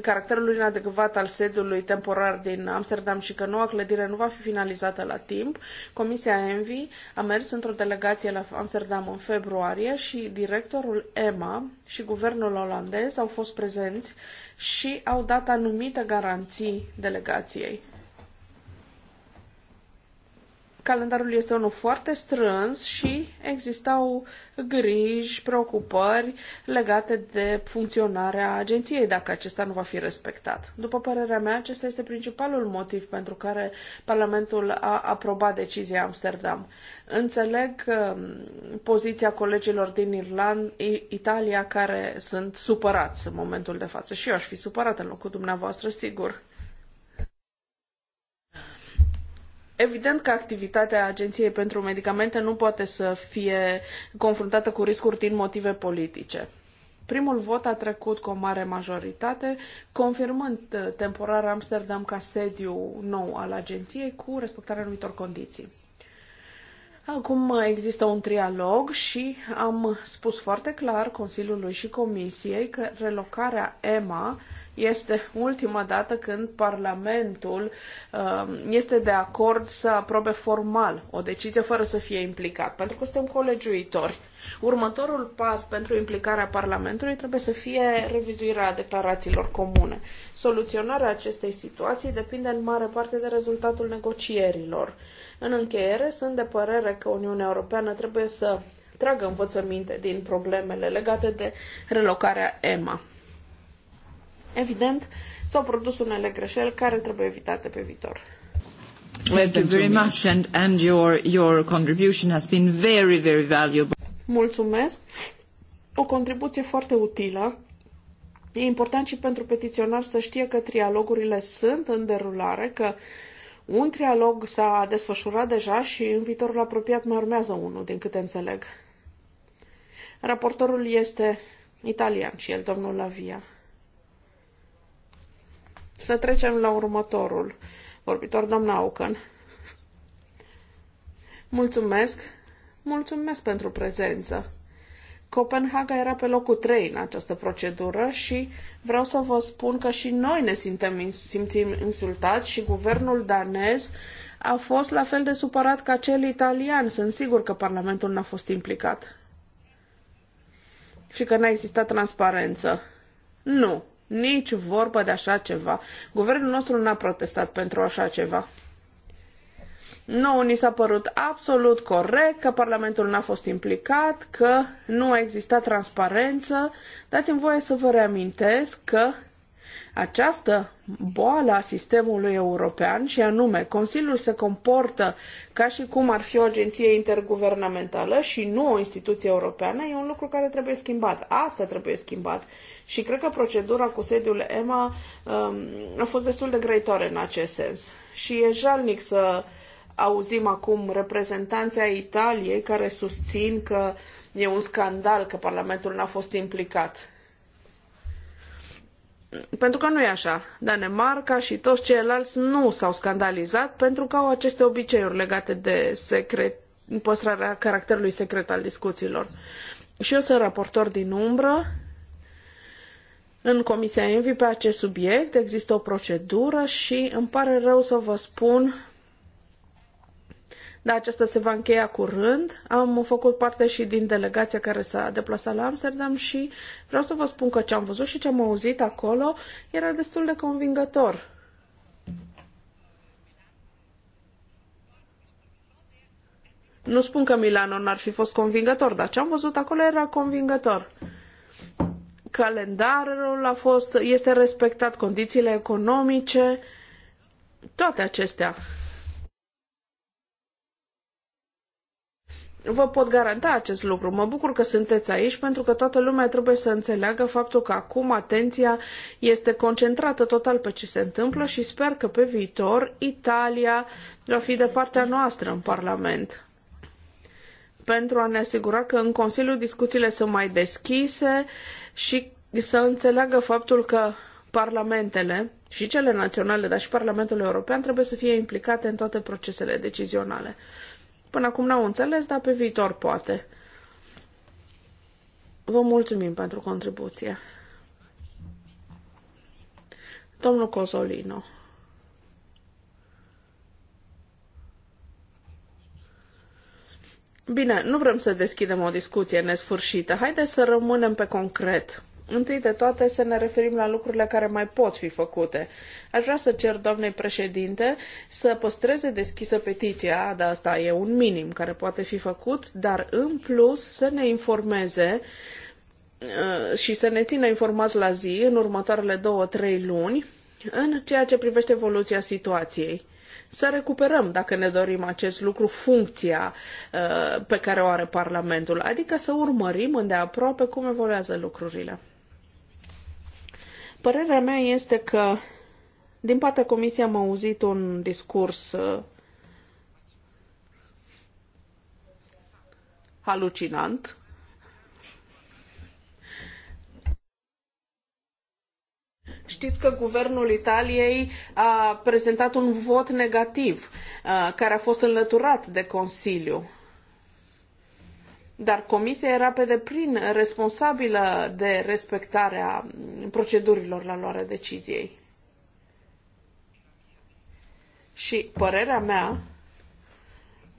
caracterul inadecvat al sediului temporar din Amsterdam și că noua clădire nu va fi finalizată la timp, Comisia Envi a mers într-o delegație la Amsterdam în februarie și directorul EMA și guvernul olandez au fost prezenți și au dat anumite garanții delegației calendarul este unul foarte strâns și existau griji, preocupări legate de funcționarea agenției dacă acesta nu va fi respectat. După părerea mea, acesta este principalul motiv pentru care Parlamentul a aprobat decizia Amsterdam. Înțeleg um, poziția colegilor din Irland, Italia care sunt supărați în momentul de față și eu aș fi supărat în locul dumneavoastră, sigur. Evident că activitatea Agenției pentru Medicamente nu poate să fie confruntată cu riscuri din motive politice. Primul vot a trecut cu o mare majoritate, confirmând uh, temporar Amsterdam ca sediu nou al agenției cu respectarea anumitor condiții. Acum există un trialog și am spus foarte clar Consiliului și Comisiei că relocarea EMA este ultima dată când Parlamentul um, este de acord să aprobe formal o decizie fără să fie implicat, pentru că suntem colegiuitori. Următorul pas pentru implicarea Parlamentului trebuie să fie revizuirea declarațiilor comune. Soluționarea acestei situații depinde în mare parte de rezultatul negocierilor. În încheiere, sunt de părere că Uniunea Europeană trebuie să tragă învățăminte din problemele legate de relocarea EMA. Evident, s-au produs unele greșeli care trebuie evitate pe viitor. Thank you very much and, and your, your contribution has been very, very valuable. Mulțumesc. O contribuție foarte utilă. E important și pentru petiționar să știe că trialogurile sunt în derulare, că un trialog s-a desfășurat deja și în viitorul apropiat mai urmează unul, din câte înțeleg. Raportorul este italian și el, domnul Lavia. Să trecem la următorul vorbitor, doamna Aucan. Mulțumesc! Mulțumesc pentru prezență! Copenhaga era pe locul 3 în această procedură și vreau să vă spun că și noi ne simtem, simțim insultați și guvernul danez a fost la fel de supărat ca cel italian. Sunt sigur că Parlamentul n-a fost implicat. Și că n-a existat transparență. Nu. Nici vorbă de așa ceva. Guvernul nostru n-a protestat pentru așa ceva. Nouă ni s-a părut absolut corect că Parlamentul n-a fost implicat, că nu a existat transparență. Dați-mi voie să vă reamintesc că această boală a sistemului european și anume Consiliul se comportă ca și cum ar fi o agenție interguvernamentală și nu o instituție europeană, e un lucru care trebuie schimbat. Asta trebuie schimbat. Și cred că procedura cu sediul EMA um, a fost destul de greitoare în acest sens. Și e jalnic să auzim acum reprezentanții ai Italiei care susțin că e un scandal că Parlamentul n-a fost implicat. Pentru că nu e așa. Danemarca și toți ceilalți nu s-au scandalizat pentru că au aceste obiceiuri legate de secret, păstrarea caracterului secret al discuțiilor. Și eu sunt raportor din umbră în Comisia Envi pe acest subiect. Există o procedură și îmi pare rău să vă spun, dar aceasta se va încheia curând. Am făcut parte și din delegația care s-a deplasat la Amsterdam și vreau să vă spun că ce am văzut și ce am auzit acolo era destul de convingător. Nu spun că Milano n-ar fi fost convingător, dar ce am văzut acolo era convingător calendarul a fost, este respectat, condițiile economice, toate acestea. Vă pot garanta acest lucru. Mă bucur că sunteți aici pentru că toată lumea trebuie să înțeleagă faptul că acum atenția este concentrată total pe ce se întâmplă și sper că pe viitor Italia va fi de partea noastră în Parlament pentru a ne asigura că în Consiliu discuțiile sunt mai deschise și să înțeleagă faptul că parlamentele și cele naționale, dar și Parlamentul European trebuie să fie implicate în toate procesele decizionale. Până acum n-au înțeles, dar pe viitor poate. Vă mulțumim pentru contribuție. Domnul Cozolino. Bine, nu vrem să deschidem o discuție nesfârșită. Haideți să rămânem pe concret. Întâi de toate să ne referim la lucrurile care mai pot fi făcute. Aș vrea să cer doamnei președinte să păstreze deschisă petiția, dar asta e un minim care poate fi făcut, dar în plus să ne informeze uh, și să ne țină informați la zi în următoarele două-trei luni în ceea ce privește evoluția situației să recuperăm, dacă ne dorim acest lucru, funcția uh, pe care o are Parlamentul, adică să urmărim îndeaproape cum evoluează lucrurile. Părerea mea este că, din partea Comisiei, am auzit un discurs uh, halucinant, Știți că guvernul Italiei a prezentat un vot negativ uh, care a fost înlăturat de Consiliu. Dar comisia era pe deplin responsabilă de respectarea procedurilor la luarea deciziei. Și părerea mea,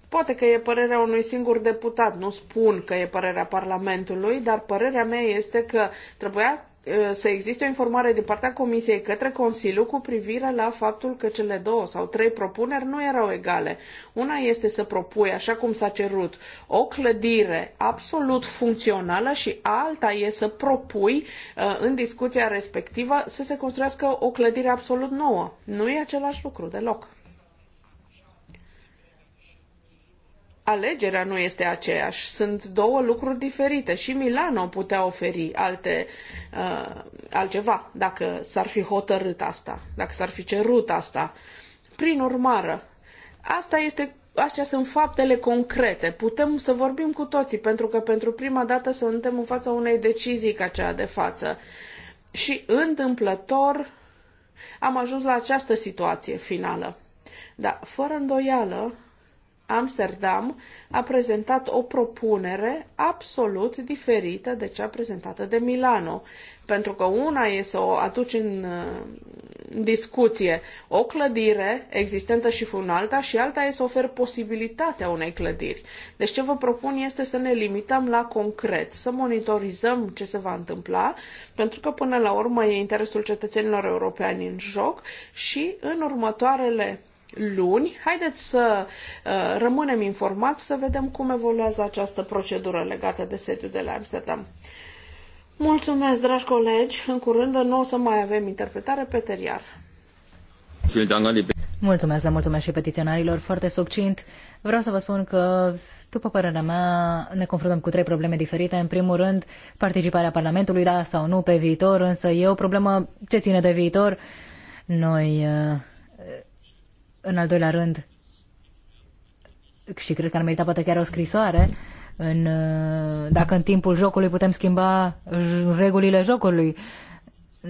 poate că e părerea unui singur deputat, nu spun că e părerea Parlamentului, dar părerea mea este că trebuia Eh, să existe o informare din partea Comisiei către Consiliu cu privire la faptul că cele două sau trei propuneri nu erau egale. Una este să propui, așa cum s-a cerut, o clădire absolut funcțională și alta este să propui eh, în discuția respectivă să se construiască o clădire absolut nouă. Nu e același lucru deloc. alegerea nu este aceeași. Sunt două lucruri diferite și Milano putea oferi alte, uh, altceva dacă s-ar fi hotărât asta, dacă s-ar fi cerut asta. Prin urmare, asta este astea sunt faptele concrete. Putem să vorbim cu toții, pentru că pentru prima dată suntem în fața unei decizii ca cea de față. Și întâmplător am ajuns la această situație finală. Dar, fără îndoială, Amsterdam a prezentat o propunere absolut diferită de cea prezentată de Milano. Pentru că una e să o aduci în, în discuție o clădire existentă și în alta și alta e să oferi posibilitatea unei clădiri. Deci ce vă propun este să ne limităm la concret, să monitorizăm ce se va întâmpla, pentru că până la urmă e interesul cetățenilor europeni în joc și în următoarele luni. Haideți să uh, rămânem informați, să vedem cum evoluează această procedură legată de sediul de la Amsterdam. Mulțumesc, dragi colegi! În curând nu o să mai avem interpretare pe teriar. Mulțumesc, le mulțumesc și petiționarilor foarte succint. Vreau să vă spun că, după părerea mea, ne confruntăm cu trei probleme diferite. În primul rând, participarea Parlamentului, da sau nu, pe viitor, însă e o problemă ce ține de viitor. Noi uh, în al doilea rând, și cred că ar merita poate chiar o scrisoare, în, uh, dacă în timpul jocului putem schimba regulile jocului.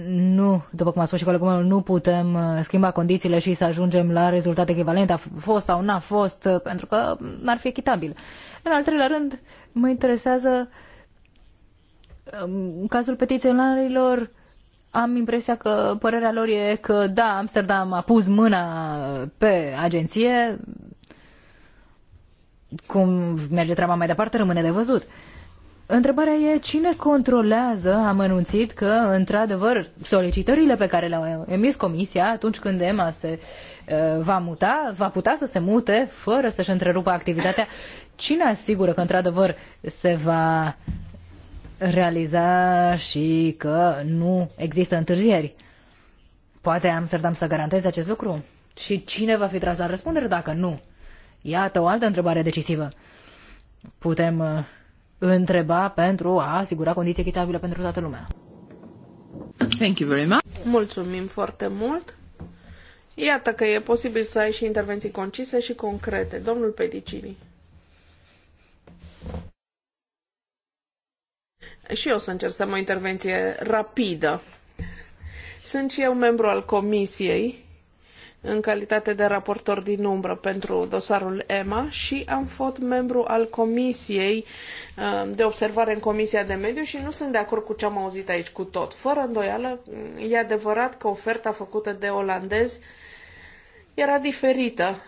Nu, după cum a spus și colegul meu, nu putem uh, schimba condițiile și să ajungem la rezultat echivalent, a fost sau n-a fost, uh, pentru că n-ar fi echitabil. În al treilea rând, mă interesează în um, cazul petiționarilor am impresia că părerea lor e că da, Amsterdam a pus mâna pe agenție, cum merge treaba mai departe rămâne de văzut. Întrebarea e cine controlează, am anunțit că, într-adevăr, solicitările pe care le-au emis comisia atunci când EMA se uh, va muta, va putea să se mute fără să-și întrerupă activitatea. Cine asigură că, într-adevăr, se va realiza și că nu există întârzieri. Poate Amsterdam să garanteze acest lucru? Și cine va fi tras la răspundere dacă nu? Iată o altă întrebare decisivă. Putem uh, întreba pentru a asigura condiții echitabile pentru toată lumea. Thank you very much. Mulțumim foarte mult. Iată că e posibil să ai și intervenții concise și concrete. Domnul Pedicini. Și eu să încerc să am o intervenție rapidă. Sunt și eu membru al comisiei în calitate de raportor din umbră pentru dosarul EMA și am fost membru al comisiei uh, de observare în Comisia de Mediu și nu sunt de acord cu ce am auzit aici cu tot. Fără îndoială, e adevărat că oferta făcută de olandezi era diferită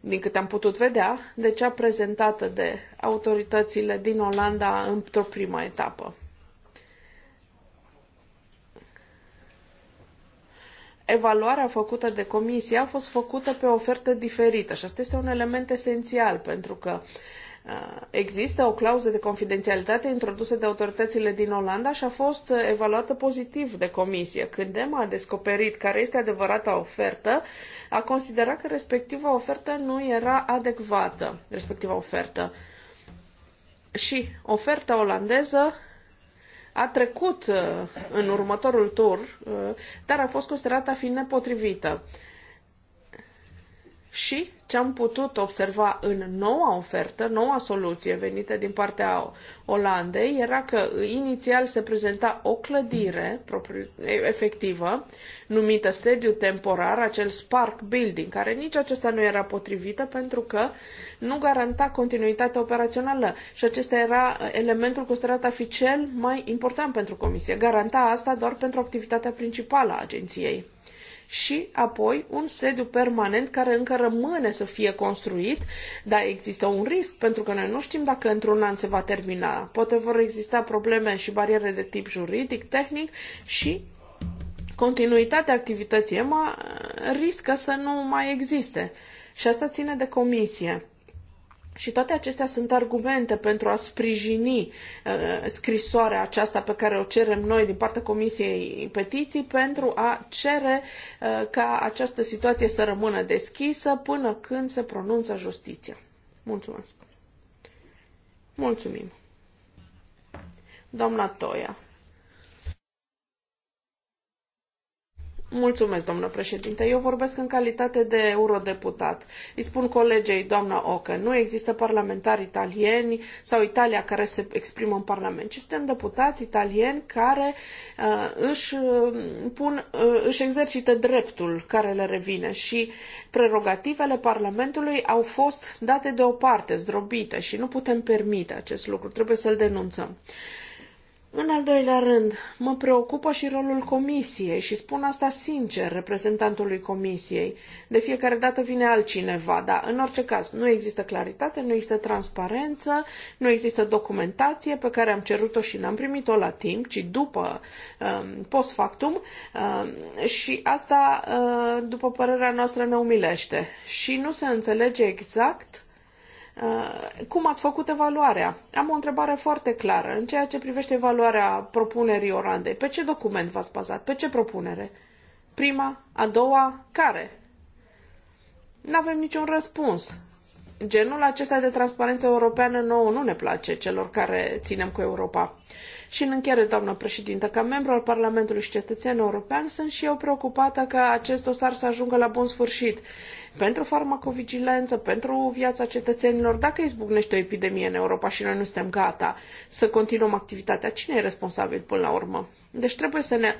din câte am putut vedea, de cea prezentată de autoritățile din Olanda într-o prima etapă. evaluarea făcută de comisie a fost făcută pe o ofertă diferită și asta este un element esențial pentru că uh, Există o clauză de confidențialitate introdusă de autoritățile din Olanda și a fost uh, evaluată pozitiv de comisie. Când EMA a descoperit care este adevărata ofertă, a considerat că respectiva ofertă nu era adecvată, respectiva ofertă. Și oferta olandeză a trecut uh, în următorul tur, uh, dar a fost considerată a fi nepotrivită și ce am putut observa în noua ofertă, noua soluție venită din partea Olandei, era că inițial se prezenta o clădire efectivă, numită sediu temporar, acel Spark Building, care nici acesta nu era potrivită pentru că nu garanta continuitatea operațională. Și acesta era elementul considerat a fi cel mai important pentru Comisie. Garanta asta doar pentru activitatea principală a agenției și apoi un sediu permanent care încă rămâne să fie construit, dar există un risc pentru că noi nu știm dacă într-un an se va termina. Poate vor exista probleme și bariere de tip juridic, tehnic și continuitatea activității EMA riscă să nu mai existe. Și asta ține de comisie. Și toate acestea sunt argumente pentru a sprijini uh, scrisoarea aceasta pe care o cerem noi din partea Comisiei Petiții pentru a cere uh, ca această situație să rămână deschisă până când se pronunță justiția. Mulțumesc! Mulțumim! Doamna Toia. Mulțumesc, domnule președinte. Eu vorbesc în calitate de eurodeputat. Îi spun colegei, doamna Ocă, nu există parlamentari italieni sau Italia care se exprimă în Parlament, ci suntem deputați italieni care uh, își, uh, pun, uh, își exercită dreptul care le revine și prerogativele Parlamentului au fost date deoparte, zdrobite și nu putem permite acest lucru. Trebuie să-l denunțăm. Uh, în al doilea rând, mă preocupă și rolul comisiei și spun asta sincer reprezentantului comisiei. De fiecare dată vine altcineva, dar în orice caz nu există claritate, nu există transparență, nu există documentație pe care am cerut-o și n-am primit-o la timp, ci după um, post factum um, și asta, uh, după părerea noastră, ne umilește. Și nu se înțelege exact Uh, cum ați făcut evaluarea? Am o întrebare foarte clară în ceea ce privește evaluarea propunerii Olandei. Pe ce document v-ați bazat? Pe ce propunere? Prima? A doua? Care? Nu avem niciun răspuns. Genul acesta de transparență europeană nouă nu ne place celor care ținem cu Europa. Și în încheiere, doamnă președintă, ca membru al Parlamentului și cetățean european, sunt și eu preocupată că acest dosar să ajungă la bun sfârșit. Pentru farmacovigilență, pentru viața cetățenilor, dacă izbucnește o epidemie în Europa și noi nu suntem gata să continuăm activitatea, cine e responsabil până la urmă? Deci trebuie să ne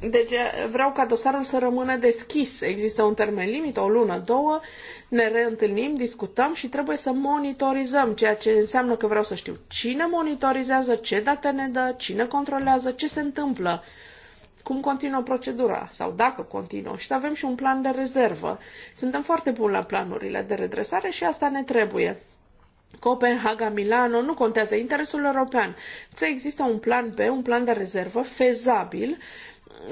deci eh, vreau ca dosarul să rămână deschis. Există un termen limit, o lună, două, ne reîntâlnim, discutăm și trebuie să monitorizăm, ceea ce înseamnă că vreau să știu cine monitorizează, ce date ne dă, cine controlează, ce se întâmplă, cum continuă procedura sau dacă continuă. Și să avem și un plan de rezervă. Suntem foarte buni la planurile de redresare și asta ne trebuie. Copenhaga, Milano, nu contează interesul european. Să există un plan B, un plan de rezervă fezabil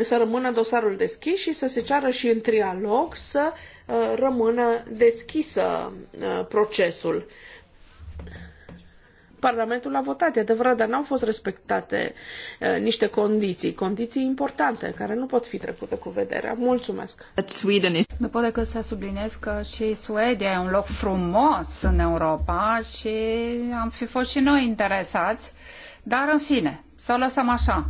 să rămână dosarul deschis și să se ceară și în trialog să uh, rămână deschisă uh, procesul. Parlamentul a votat, e adevărat, dar n-au fost respectate uh, niște condiții, condiții importante, care nu pot fi trecute cu vederea. Mulțumesc! Sweden Nu pot decât să subliniez că și Suedia e un loc frumos în Europa și am fi fost și noi interesați, dar în fine, să o lăsăm așa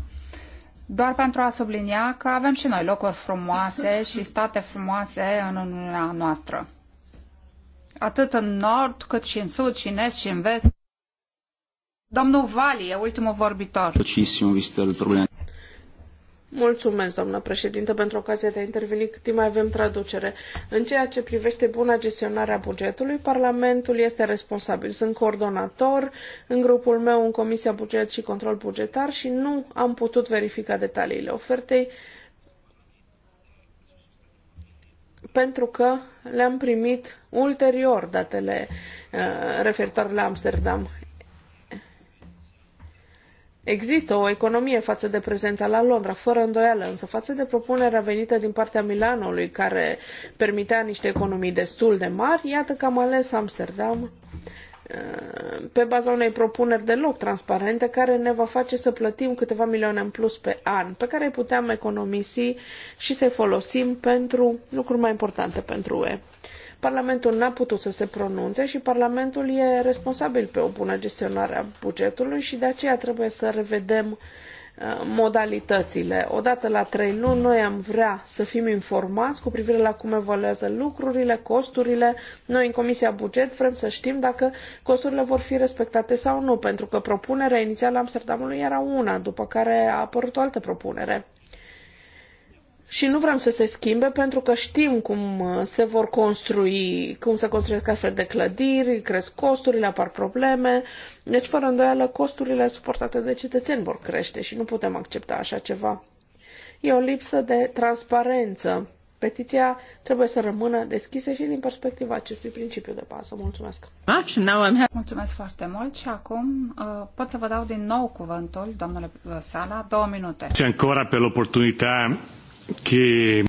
doar pentru a sublinia că avem și noi locuri frumoase și state frumoase în Uniunea noastră. Atât în nord, cât și în sud, și în est, și în vest. Domnul Vali e ultimul vorbitor. Mulțumesc, doamnă președinte, pentru ocazia de a interveni cât timp mai avem traducere. În ceea ce privește buna gestionare a bugetului, Parlamentul este responsabil. Sunt coordonator în grupul meu în Comisia Buget și Control Bugetar și nu am putut verifica detaliile ofertei pentru că le-am primit ulterior datele uh, referitoare la Amsterdam. Există o economie față de prezența la Londra, fără îndoială, însă față de propunerea venită din partea Milanului, care permitea niște economii destul de mari, iată că am ales Amsterdam uh, pe baza unei propuneri deloc transparente care ne va face să plătim câteva milioane în plus pe an, pe care îi puteam economisi și să-i folosim pentru lucruri mai importante pentru UE. Parlamentul n-a putut să se pronunțe și Parlamentul e responsabil pe o bună gestionare a bugetului și de aceea trebuie să revedem uh, modalitățile. Odată la trei luni noi am vrea să fim informați cu privire la cum evoluează lucrurile, costurile. Noi în Comisia Buget vrem să știm dacă costurile vor fi respectate sau nu, pentru că propunerea inițială a Amsterdamului era una, după care a apărut o altă propunere și nu vrem să se schimbe pentru că știm cum uh, se vor construi, cum se construiesc astfel de clădiri, cresc costurile, apar probleme. Deci, fără îndoială, costurile suportate de cetățeni vor crește și nu putem accepta așa ceva. E o lipsă de transparență. Petiția trebuie să rămână deschisă și din perspectiva acestui principiu de bază. Mulțumesc! Mulțumesc foarte mult și acum uh, pot să vă dau din nou cuvântul, domnule uh, Sala, două minute. Ce încă pe l'opportunità che...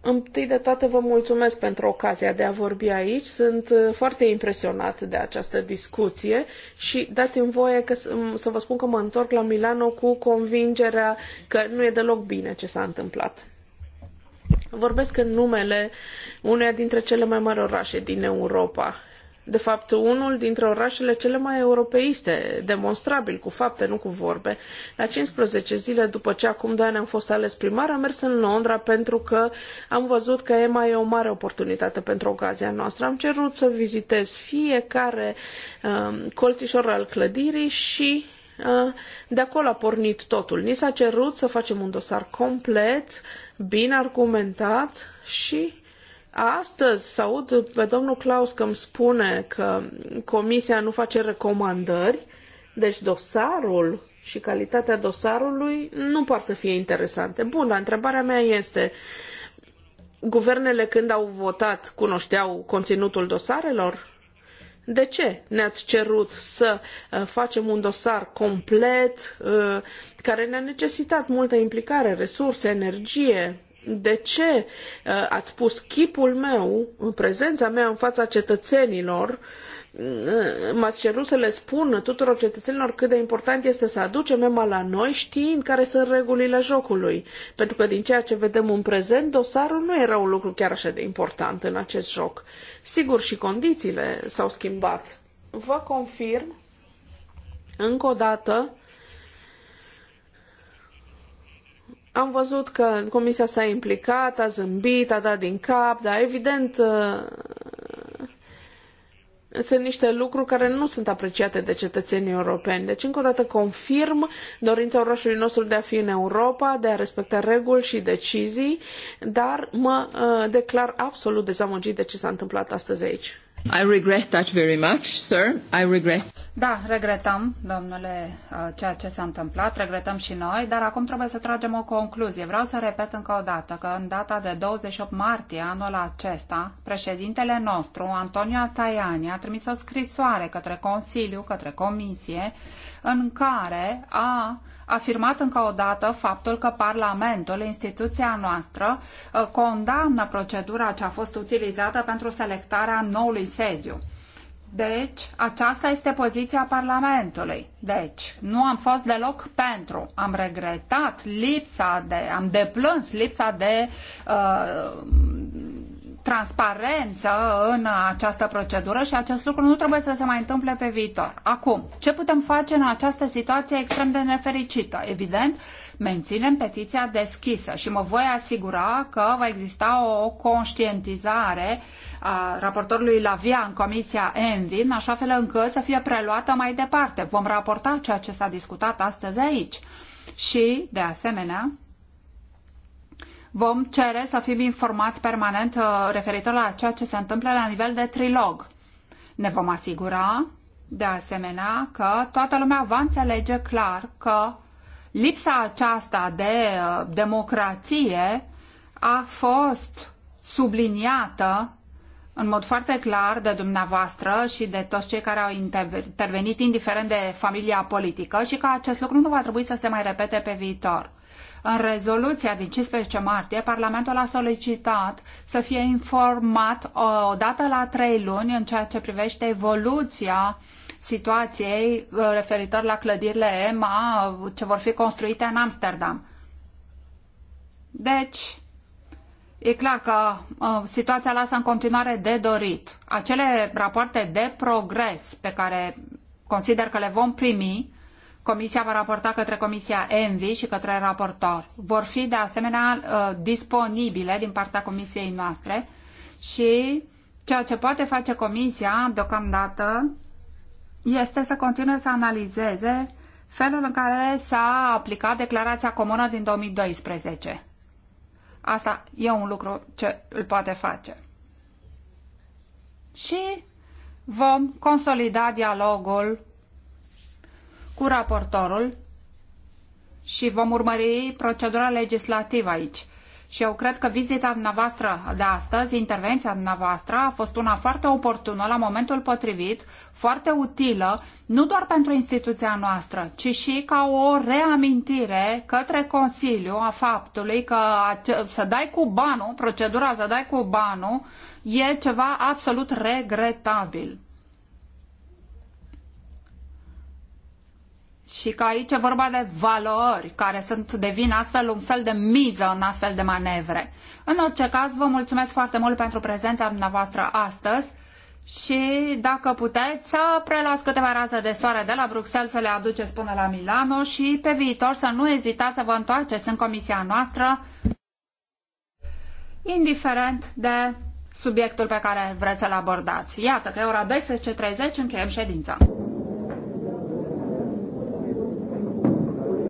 Întâi de toate vă mulțumesc pentru ocazia de a vorbi aici. Sunt uh, foarte impresionat de această discuție și dați-mi voie că, să vă spun că mă întorc la Milano cu convingerea că nu e deloc bine ce s-a întâmplat. Vorbesc în numele uneia dintre cele mai mari orașe din Europa de fapt, unul dintre orașele cele mai europeiste, demonstrabil cu fapte, nu cu vorbe. La 15 zile după ce acum 2 ani am fost ales primar, am mers în Londra pentru că am văzut că EMA e o mare oportunitate pentru ocazia noastră. Am cerut să vizitez fiecare um, colțișor al clădirii și uh, de acolo a pornit totul. Ni s-a cerut să facem un dosar complet, bine argumentat și Astăzi aud pe domnul Claus că îmi spune că comisia nu face recomandări, deci dosarul și calitatea dosarului nu par să fie interesante. Bun, dar întrebarea mea este, guvernele când au votat cunoșteau conținutul dosarelor? De ce ne-ați cerut să uh, facem un dosar complet uh, care ne-a necesitat multă implicare, resurse, energie? de ce uh, ați pus chipul meu, în prezența mea în fața cetățenilor, mm, m-ați cerut să le spun tuturor cetățenilor cât de important este să aducem EMA la noi știind care sunt regulile jocului. Pentru că din ceea ce vedem în prezent, dosarul nu era un lucru chiar așa de important în acest joc. Sigur, și condițiile s-au schimbat. Vă confirm, încă o dată, Am văzut că comisia s-a implicat, a zâmbit, a dat din cap, dar evident uh, sunt niște lucruri care nu sunt apreciate de cetățenii europeni. Deci, încă o dată, confirm dorința orașului nostru de a fi în Europa, de a respecta reguli și decizii, dar mă uh, declar absolut dezamăgit de ce s-a întâmplat astăzi aici. I regret that very much, sir. I regret. Da, regretăm, domnule, uh, ceea ce s-a întâmplat, regretăm și noi, dar acum trebuie să tragem o concluzie. Vreau să repet încă o dată că în data de 28 martie anul acesta, președintele nostru, Antonio Tajani, a trimis o scrisoare către Consiliu, către Comisie, în care a uh, afirmat încă o dată faptul că Parlamentul, instituția noastră, ă, condamnă procedura ce a fost utilizată pentru selectarea noului sediu. Deci, aceasta este poziția Parlamentului. Deci, nu am fost deloc pentru. Am regretat lipsa de, am deplâns lipsa de uh, transparență în această procedură și acest lucru nu trebuie să se mai întâmple pe viitor. Acum, ce putem face în această situație extrem de nefericită? Evident, menținem petiția deschisă și mă voi asigura că va exista o conștientizare a raportorului Lavia în Comisia Envi, în așa fel încât să fie preluată mai departe. Vom raporta ceea ce s-a discutat astăzi aici. Și, de asemenea, vom cere să fim informați permanent uh, referitor la ceea ce se întâmplă la nivel de trilog. Ne vom asigura, de asemenea, că toată lumea va înțelege clar că lipsa aceasta de uh, democrație a fost subliniată în mod foarte clar de dumneavoastră și de toți cei care au intervenit, indiferent de familia politică, și că acest lucru nu va trebui să se mai repete pe viitor. În rezoluția din 15 martie, Parlamentul a solicitat să fie informat o dată la trei luni în ceea ce privește evoluția situației uh, referitor la clădirile EMA uh, ce vor fi construite în Amsterdam. Deci, e clar că uh, situația lasă în continuare de dorit. Acele rapoarte de progres pe care consider că le vom primi Comisia va raporta către Comisia ENVI și către raportor. Vor fi de asemenea uh, disponibile din partea Comisiei noastre și ceea ce poate face Comisia deocamdată este să continue să analizeze felul în care s-a aplicat declarația comună din 2012. Asta e un lucru ce îl poate face. Și vom consolida dialogul cu raportorul și vom urmări procedura legislativă aici. Și eu cred că vizita dumneavoastră de astăzi, intervenția dumneavoastră, a fost una foarte oportună la momentul potrivit, foarte utilă, nu doar pentru instituția noastră, ci și ca o reamintire către Consiliu a faptului că să dai cu banul, procedura să dai cu banul, e ceva absolut regretabil. și că aici e vorba de valori care sunt, devin astfel un fel de miză în astfel de manevre. În orice caz, vă mulțumesc foarte mult pentru prezența dumneavoastră astăzi și dacă puteți să preluați câteva raze de soare de la Bruxelles să le aduceți până la Milano și pe viitor să nu ezitați să vă întoarceți în comisia noastră indiferent de subiectul pe care vreți să-l abordați. Iată că e ora 12.30, încheiem ședința.